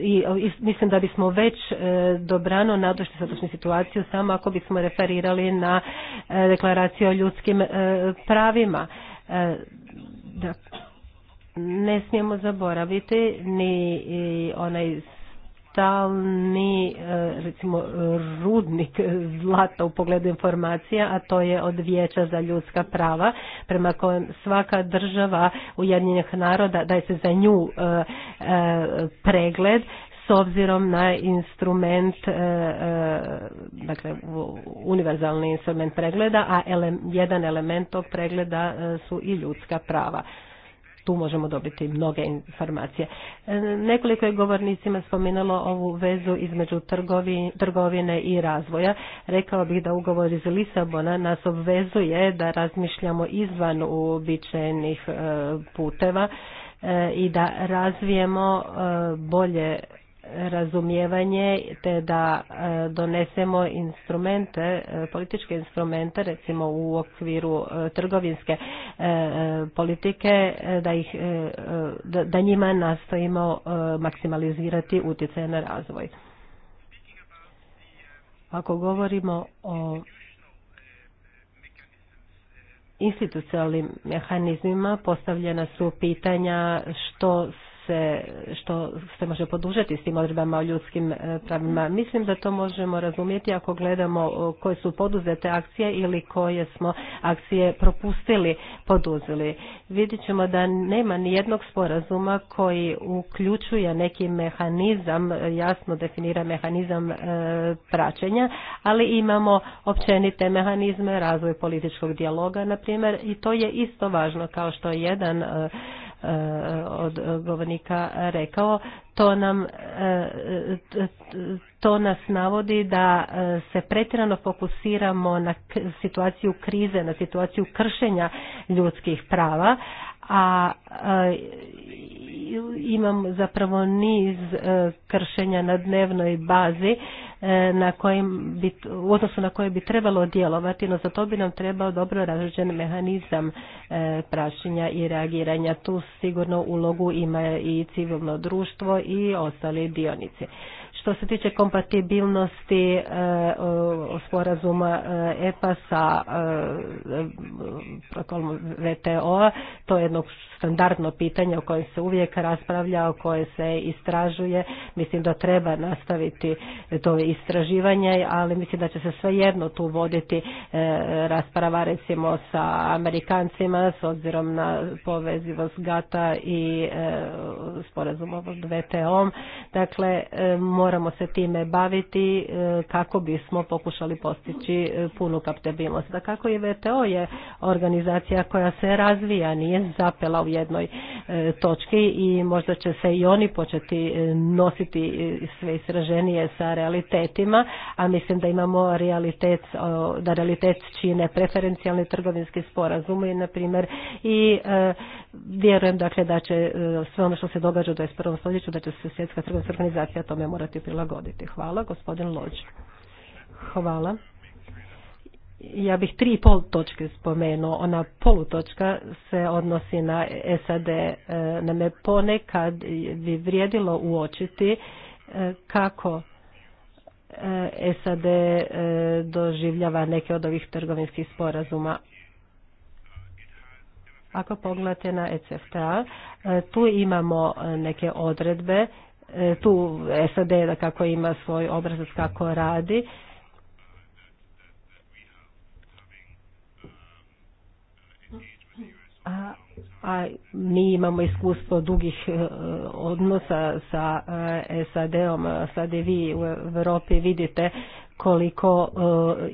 i mislim da bismo već e, dobrano nadošli sadašnju situaciju samo ako bismo referirali na e, deklaraciju o ljudskim e, pravima. Da, ne smijemo zaboraviti ni onaj stalni e, recimo rudnik zlata u pogledu informacija, a to je od vijeća za ljudska prava prema kojem svaka država Ujedinjenih naroda daje se za nju e, e, pregled s obzirom na instrument, dakle univerzalni instrument pregleda, a jedan element tog pregleda su i ljudska prava tu možemo dobiti mnoge informacije. E, nekoliko je govornicima spominalo ovu vezu između trgovine i razvoja. Rekao bih da ugovor iz Lisabona nas obvezuje da razmišljamo izvan uobičajenih e, puteva e, i da razvijemo bolje razumijevanje te da e, donesemo instrumente, e, političke instrumente recimo u okviru e, trgovinske politike da, ih, da njima nastojimo maksimalizirati utjecaj na razvoj. Ako govorimo o institucionalnim mehanizmima postavljena su pitanja što se, što se može poduzeti s tim odredbama o ljudskim e, pravima. Mislim da to možemo razumjeti ako gledamo koje su poduzete akcije ili koje smo akcije propustili, poduzeli. Vidjet ćemo da nema ni jednog sporazuma koji uključuje neki mehanizam, e, jasno definira mehanizam e, praćenja, ali imamo općenite mehanizme, razvoj političkog dijaloga, na primjer, i to je isto važno kao što jedan Eh, od govornika rekao, to nam eh, to nas navodi da eh, se pretjerano fokusiramo na situaciju krize, na situaciju kršenja ljudskih prava, a imam zapravo niz e, kršenja na dnevnoj bazi e, na kojim bi, u odnosu na koje bi trebalo djelovati, no za to bi nam trebao dobro razređen mehanizam e, prašenja i reagiranja. Tu sigurno ulogu ima i civilno društvo i ostali dionici. Što se tiče kompatibilnosti e, sporazuma EPA e sa VTO, e, to je jedno standardno pitanje o kojem se uvijek raspravlja, o koje se istražuje. Mislim da treba nastaviti to istraživanje, ali mislim da će se svejedno tu voditi rasprava recimo sa Amerikancima s obzirom na povezivost GATA i sporazuma VTO-om. Dakle, mora moramo se time baviti e, kako bismo pokušali postići e, punu kaptabilnost. Da kako i VTO je organizacija koja se razvija, nije zapela u jednoj e, točki i možda će se i oni početi nositi sve israženije sa realitetima, a mislim da imamo realitet, da realitet čine preferencijalni trgovinski sporazumi, na primjer, i vjerujem dakle da će sve ono što se događa u 21. stoljeću, da će se svjetska trgovinska organizacija tome morati prilagoditi. Hvala, gospodin Lođ. Hvala. Ja bih tri pol točke spomenuo. Ona polutočka se odnosi na SAD. E, Nam me ponekad bi vrijedilo uočiti e, kako e, SAD doživljava neke od ovih trgovinskih sporazuma. Ako pogledate na ECFTA, tu imamo neke odredbe E, tu SAD da kako ima svoj obrazac kako radi. A, a mi imamo iskustvo dugih e, odnosa sa e, SAD-om, sad i vi u Europi vidite koliko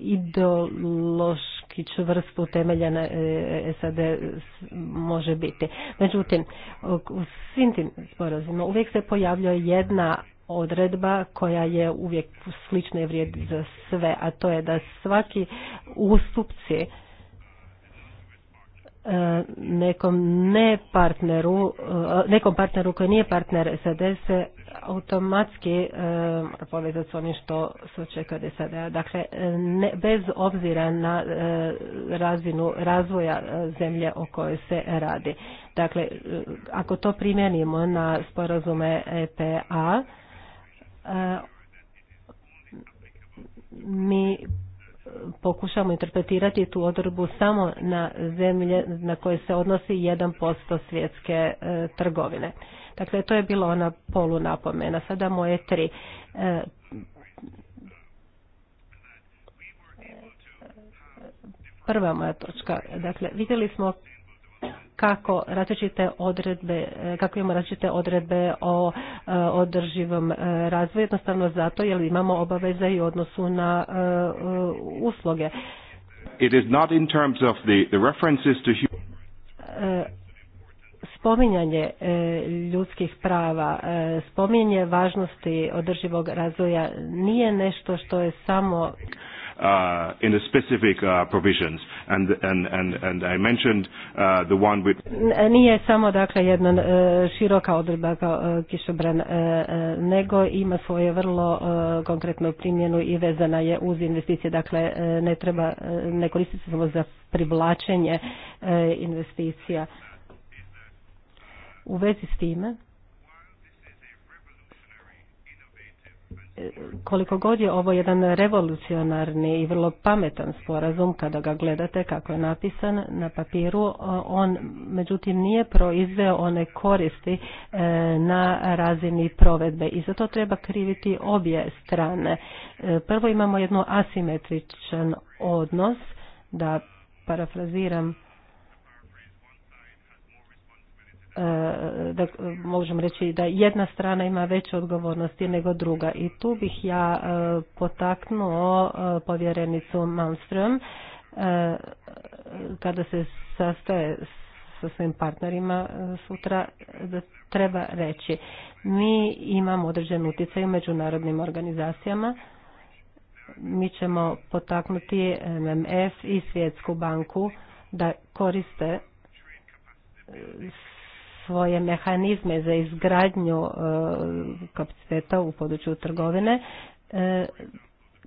ideološ neki čvrst utemeljen e, e, SAD može biti. Međutim, u svim tim sporazima uvijek se pojavljuje jedna odredba koja je uvijek slična i vrijedi za sve, a to je da svaki ustupci e, nekom ne partneru, nekom partneru koji nije partner SAD se automatski e, povezati s onim što se očekuje sada. Dakle, ne, bez obzira na e, razinu razvoja e, zemlje o kojoj se radi. Dakle, e, ako to primjenimo na sporazume EPA, mi pokušamo interpretirati tu odredbu samo na zemlje na koje se odnosi 1% svjetske trgovine. Dakle, to je bilo ona polu napomena. Sada moje tri. E, prva moja točka. Dakle, vidjeli smo kako različite odredbe, kako imamo različite odredbe o e, održivom e, razvoju, jednostavno zato jer imamo obaveze i odnosu na usluge spominjanje e, ljudskih prava, e, spominjanje važnosti održivog razvoja nije nešto što je samo uh, in the specific uh, provisions. And, and, and, and I mentioned uh, the one with... Nije samo dakle jedna e, široka odredba kao uh, kišobran, nego ima svoje vrlo uh, konkretnu primjenu i vezana je uz investicije. Dakle, ne treba, uh, ne koristiti samo za privlačenje investicija. U vezi s time, koliko god je ovo jedan revolucionarni i vrlo pametan sporazum kada ga gledate kako je napisan na papiru, on međutim nije proizveo one koristi e, na razini provedbe i zato treba kriviti obje strane. E, prvo imamo jedno asimetričan odnos, da parafraziram E, da možemo reći da jedna strana ima veće odgovornosti nego druga i tu bih ja e, potaknuo e, povjerenicu Malmström kada se sastaje sa svojim partnerima sutra da treba reći mi imamo određen utjecaj u međunarodnim organizacijama mi ćemo potaknuti MMF i Svjetsku banku da koriste svoje mehanizme za izgradnju e, kapaciteta u području trgovine e,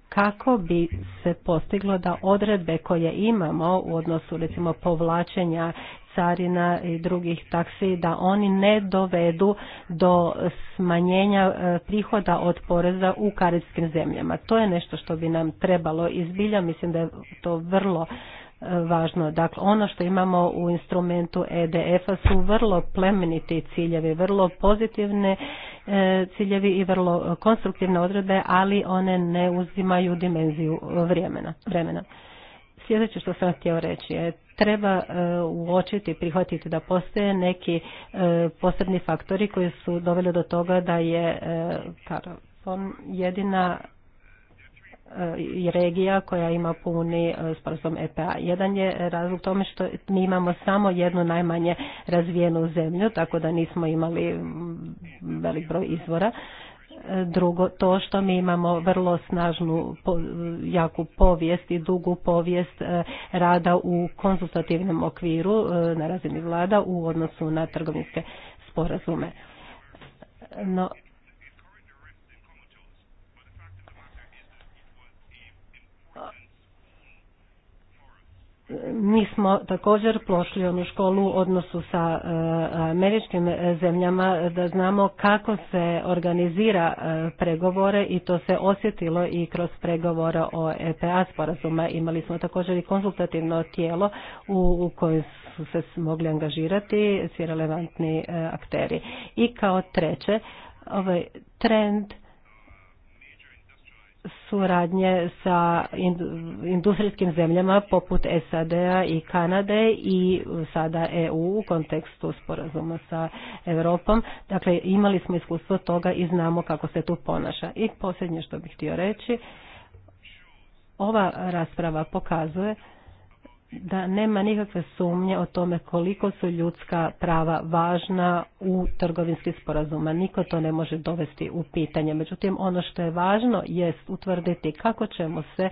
kako bi se postiglo da odredbe koje imamo u odnosu recimo povlačenja carina i drugih taksi da oni ne dovedu do smanjenja e, prihoda od poreza u karibskim zemljama. To je nešto što bi nam trebalo izbilja, mislim da je to vrlo važno. Dakle, ono što imamo u instrumentu EDF-a su vrlo plemeniti ciljevi, vrlo pozitivne e, ciljevi i vrlo konstruktivne odredbe, ali one ne uzimaju dimenziju vremena. Sljedeće što sam htio reći je treba e, uočiti, prihvatiti da postoje neki e, posebni faktori koji su doveli do toga da je jedina i regija koja ima puni e, sporazum EPA. Jedan je razlog tome što mi imamo samo jednu najmanje razvijenu zemlju, tako da nismo imali velik broj izvora. E, drugo, to što mi imamo vrlo snažnu, jaku povijest i dugu povijest e, rada u konzultativnom okviru na razini vlada u odnosu na trgovinske sporazume. No, mi smo također prošli onu školu u odnosu sa e, američkim zemljama da znamo kako se organizira e, pregovore i to se osjetilo i kroz pregovore o EPA sporazuma. Imali smo također i konzultativno tijelo u kojem su se mogli angažirati svi relevantni e, akteri. I kao treće, ovaj trend suradnje sa industrijskim zemljama poput SAD-a i Kanade i sada EU u kontekstu sporazuma sa Europom. Dakle, imali smo iskustvo toga i znamo kako se tu ponaša. I posljednje što bih htio reći, ova rasprava pokazuje da nema nikakve sumnje o tome koliko su ljudska prava važna u trgovinskih sporazuma. Niko to ne može dovesti u pitanje. Međutim, ono što je važno jest utvrditi kako ćemo se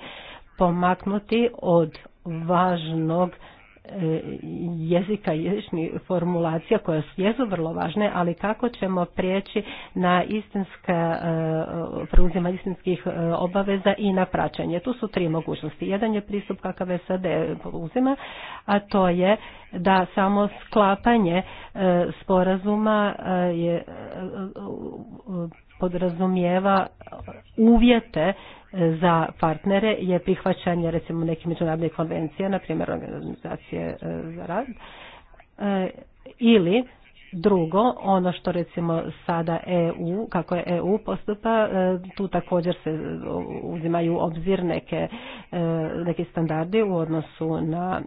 pomaknuti od važnog E, jezika i jezičnih formulacija koje jesu vrlo važne, ali kako ćemo prijeći na istinska e, preuzimanje istinskih e, obaveza i na praćanje. Tu su tri mogućnosti. Jedan je pristup kakav SAD uzima, a to je da samo sklapanje sporazuma je podrazumijeva uvjete za partnere je prihvaćanje recimo nekih međunarodnih konvencija, na primjer organizacije e, za rad, e, ili Drugo, ono što recimo sada EU, kako je EU postupa, e, tu također se uzimaju u obzir neke, neki standardi u odnosu na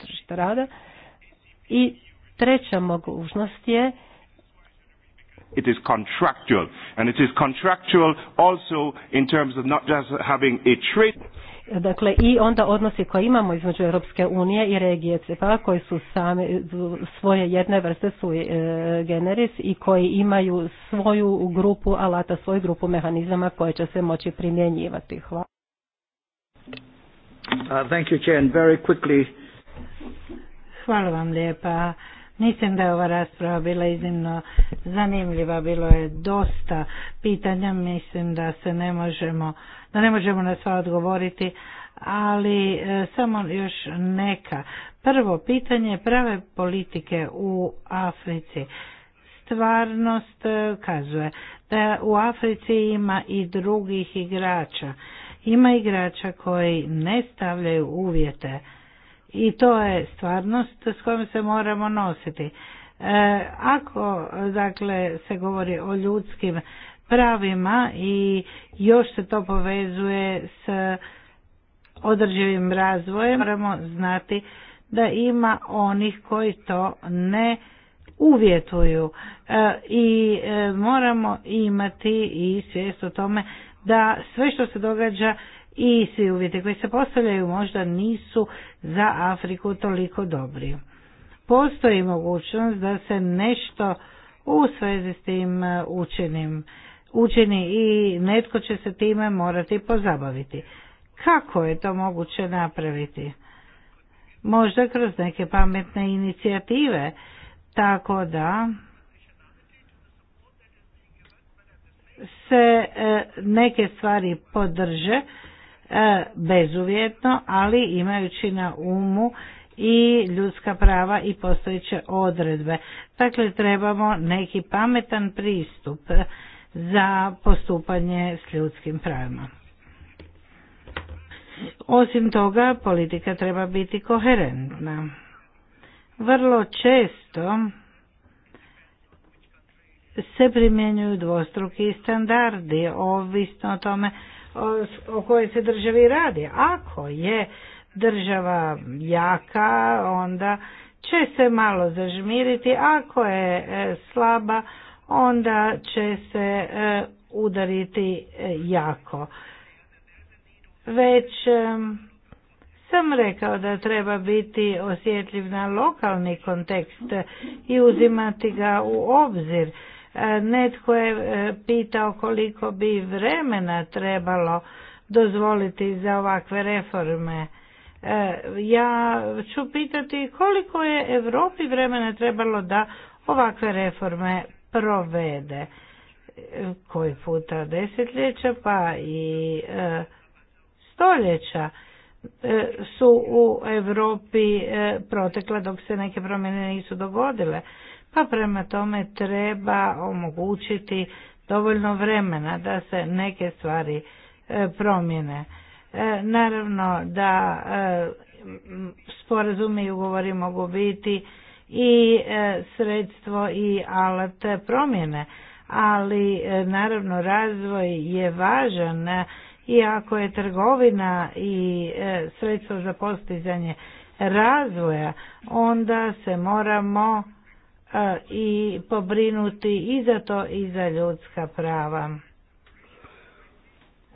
tržište rada. I treća mogućnost je it is contractual. And it is contractual also in terms of not just having a trade... Dakle, i onda odnosi koje imamo između Europske unije i regije CEPA, koji su same, svoje jedne vrste su e, generis i koji imaju svoju grupu alata, svoju grupu mehanizama koje će se moći primjenjivati. Hvala. Uh, thank you, Jen. Very quickly. Hvala vam lijepa. Mislim da je ova rasprava bila iznimno zanimljiva, bilo je dosta pitanja, mislim da se ne možemo, da ne možemo na sva odgovoriti, ali e, samo još neka. Prvo pitanje prave politike u Africi. Stvarnost e, kazuje da u Africi ima i drugih igrača. Ima igrača koji ne stavljaju uvjete i to je stvarnost s kojom se moramo nositi. E, ako dakle se govori o ljudskim pravima i još se to povezuje s održivim razvojem, moramo znati da ima onih koji to ne uvjetuju e, i e, moramo imati i svijest o tome da sve što se događa i svi uvjeti koji se postavljaju možda nisu za Afriku toliko dobri. Postoji mogućnost da se nešto u svezi s tim e, učenim učini i netko će se time morati pozabaviti. Kako je to moguće napraviti? Možda kroz neke pametne inicijative, tako da se e, neke stvari podrže E, bezuvjetno, ali imajući na umu i ljudska prava i postojeće odredbe. Dakle, trebamo neki pametan pristup za postupanje s ljudskim pravima. Osim toga, politika treba biti koherentna. Vrlo često se primjenjuju dvostruki standardi, ovisno o tome o kojoj se državi radi. Ako je država jaka, onda će se malo zažmiriti, ako je e, slaba, onda će se e, udariti e, jako. Već sam rekao da treba biti osjetljiv na lokalni kontekst i uzimati ga u obzir. E, netko je e, pitao koliko bi vremena trebalo dozvoliti za ovakve reforme. E, ja ću pitati koliko je Europi vremena trebalo da ovakve reforme provede. Koji puta desetljeća pa i stoljeća su u Europi protekla dok se neke promjene nisu dogodile pa prema tome treba omogućiti dovoljno vremena da se neke stvari e, promjene. E, naravno da e, sporazumi i ugovori mogu biti i sredstvo i alat promjene, ali naravno razvoj je važan i ako je trgovina i sredstvo za postizanje razvoja, onda se moramo i pobrinuti i za to i za ljudska prava.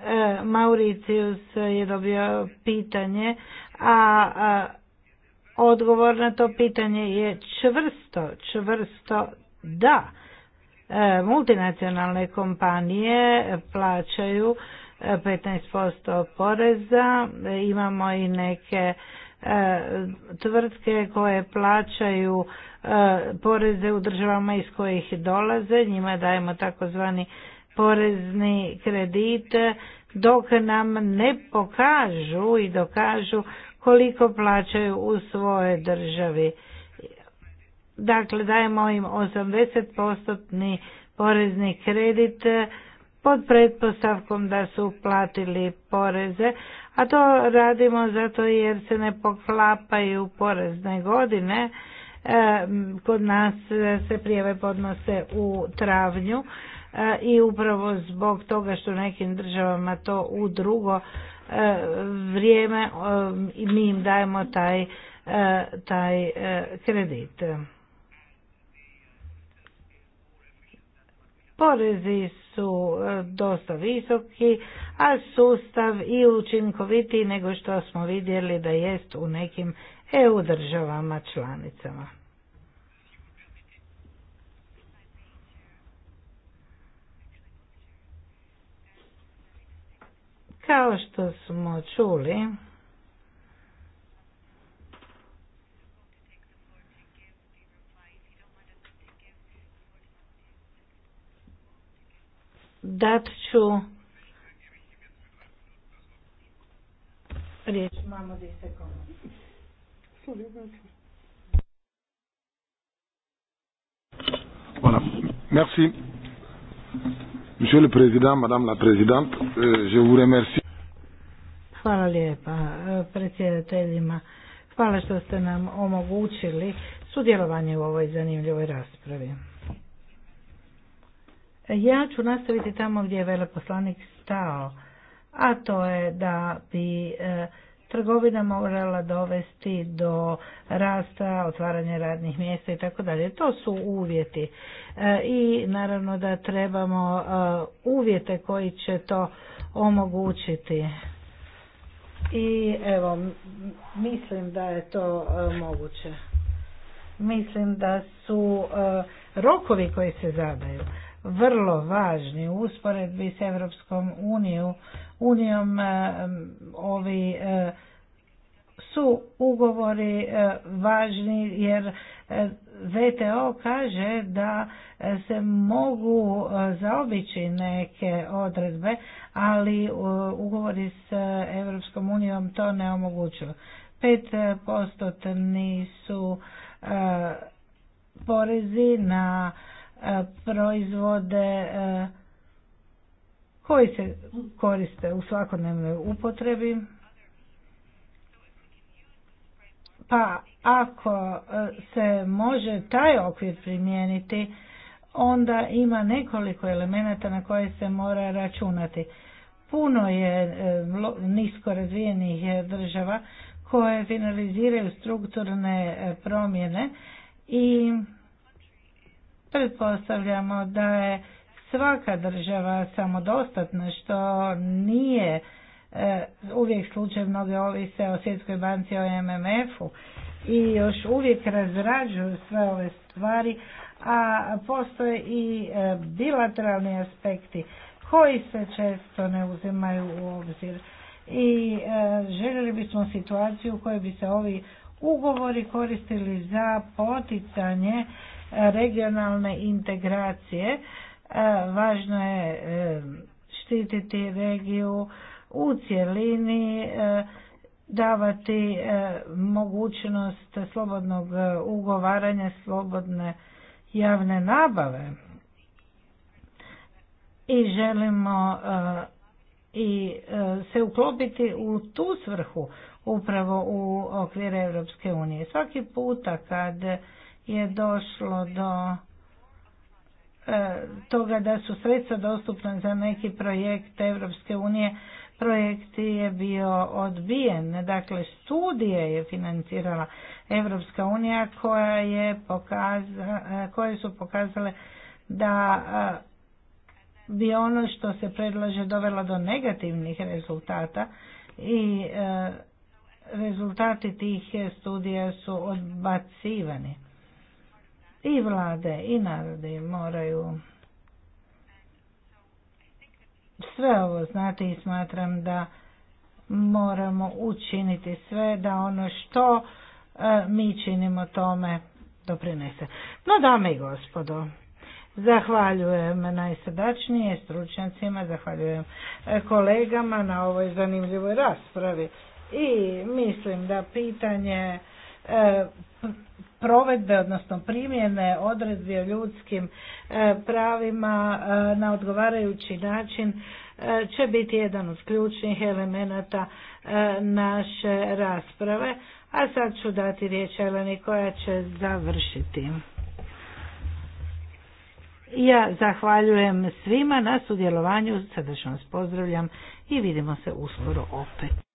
E, Mauricius je dobio pitanje, a odgovor na to pitanje je čvrsto, čvrsto da. E, multinacionalne kompanije plaćaju 15% e, poreza, imamo i neke tvrtke koje plaćaju E, poreze u državama iz kojih dolaze, njima dajemo takozvani porezni kredit, dok nam ne pokažu i dokažu koliko plaćaju u svojoj državi. Dakle, dajemo im 80% porezni kredit pod pretpostavkom da su platili poreze, a to radimo zato jer se ne poklapaju porezne godine E, kod nas se prijeve podnose u travnju e, i upravo zbog toga što nekim državama to u drugo e, vrijeme mi im dajemo taj, taj kredit. Porezi su dosta visoki, a sustav i učinkovitiji nego što smo vidjeli da jest u nekim EU državama članicama. Kao što smo čuli, dat ću riječ mamo 10 sekundi. Voilà. Merci. Monsieur le Président, Madame la Présidente, euh, je vous remercie. Hvala lijepa e, predsjedateljima. Hvala što ste nam omogućili sudjelovanje u ovoj zanimljivoj raspravi. E, ja ću nastaviti tamo gdje je veleposlanik stao, a to je da bi e, trgovina morala dovesti do rasta, otvaranja radnih mjesta i tako dalje. To su uvjeti. E, I naravno da trebamo e, uvjete koji će to omogućiti. I evo, mislim da je to e, moguće. Mislim da su rokovi koji se zadaju vrlo važni u usporedbi s Europskom uniju unijom e, ovi e, su ugovori e, važni jer VTO kaže da se mogu zaobići neke odredbe, ali ugovori s Europskom unijom to ne omogućuju. 5% nisu porezi na proizvode koji se koriste u svakodnevnoj upotrebi. Pa ako e, se može taj okvir primijeniti, onda ima nekoliko elemenata na koje se mora računati. Puno je e, nisko razvijenih država koje finaliziraju strukturne e, promjene i pretpostavljamo da je svaka država samodostatna, što nije e, uvijek slučaj, mnoge ovise o Svjetskoj banci, o MMF-u i još uvijek razrađuju sve ove stvari, a postoje i e, bilateralni aspekti koji se često ne uzimaju u obzir. I e, željeli bismo situaciju u kojoj bi se ovi ugovori koristili za poticanje regionalne integracije E, važno je e, štititi regiju u cjelini, e, davati mogućnost slobodnog ugovaranja, slobodne javne nabave. I želimo i se uklopiti u tu svrhu upravo u okvire Europske unije. Svaki puta kad je došlo do E, toga da su sredstva dostupna za neki projekt Europske unije, projekt je bio odbijen. Dakle, studije je financirala Europska unija koja je pokaza, e, koje su pokazale da e, bi ono što se predlaže dovelo do negativnih rezultata i rezultati tih studija su odbacivani i vlade i narodi moraju sve ovo znati i smatram da moramo učiniti sve da ono što e, mi činimo tome doprinese. No dame i gospodo, zahvaljujem najsrdačnije stručnjacima, zahvaljujem e, kolegama na ovoj zanimljivoj raspravi i mislim da pitanje e, provedbe, odnosno primjene odredbi o ljudskim e, pravima e, na odgovarajući način e, će biti jedan od ključnih elemenata naše rasprave. A sad ću dati riječ Eleni koja će završiti. Ja zahvaljujem svima na sudjelovanju, srdačno vas pozdravljam i vidimo se uskoro opet.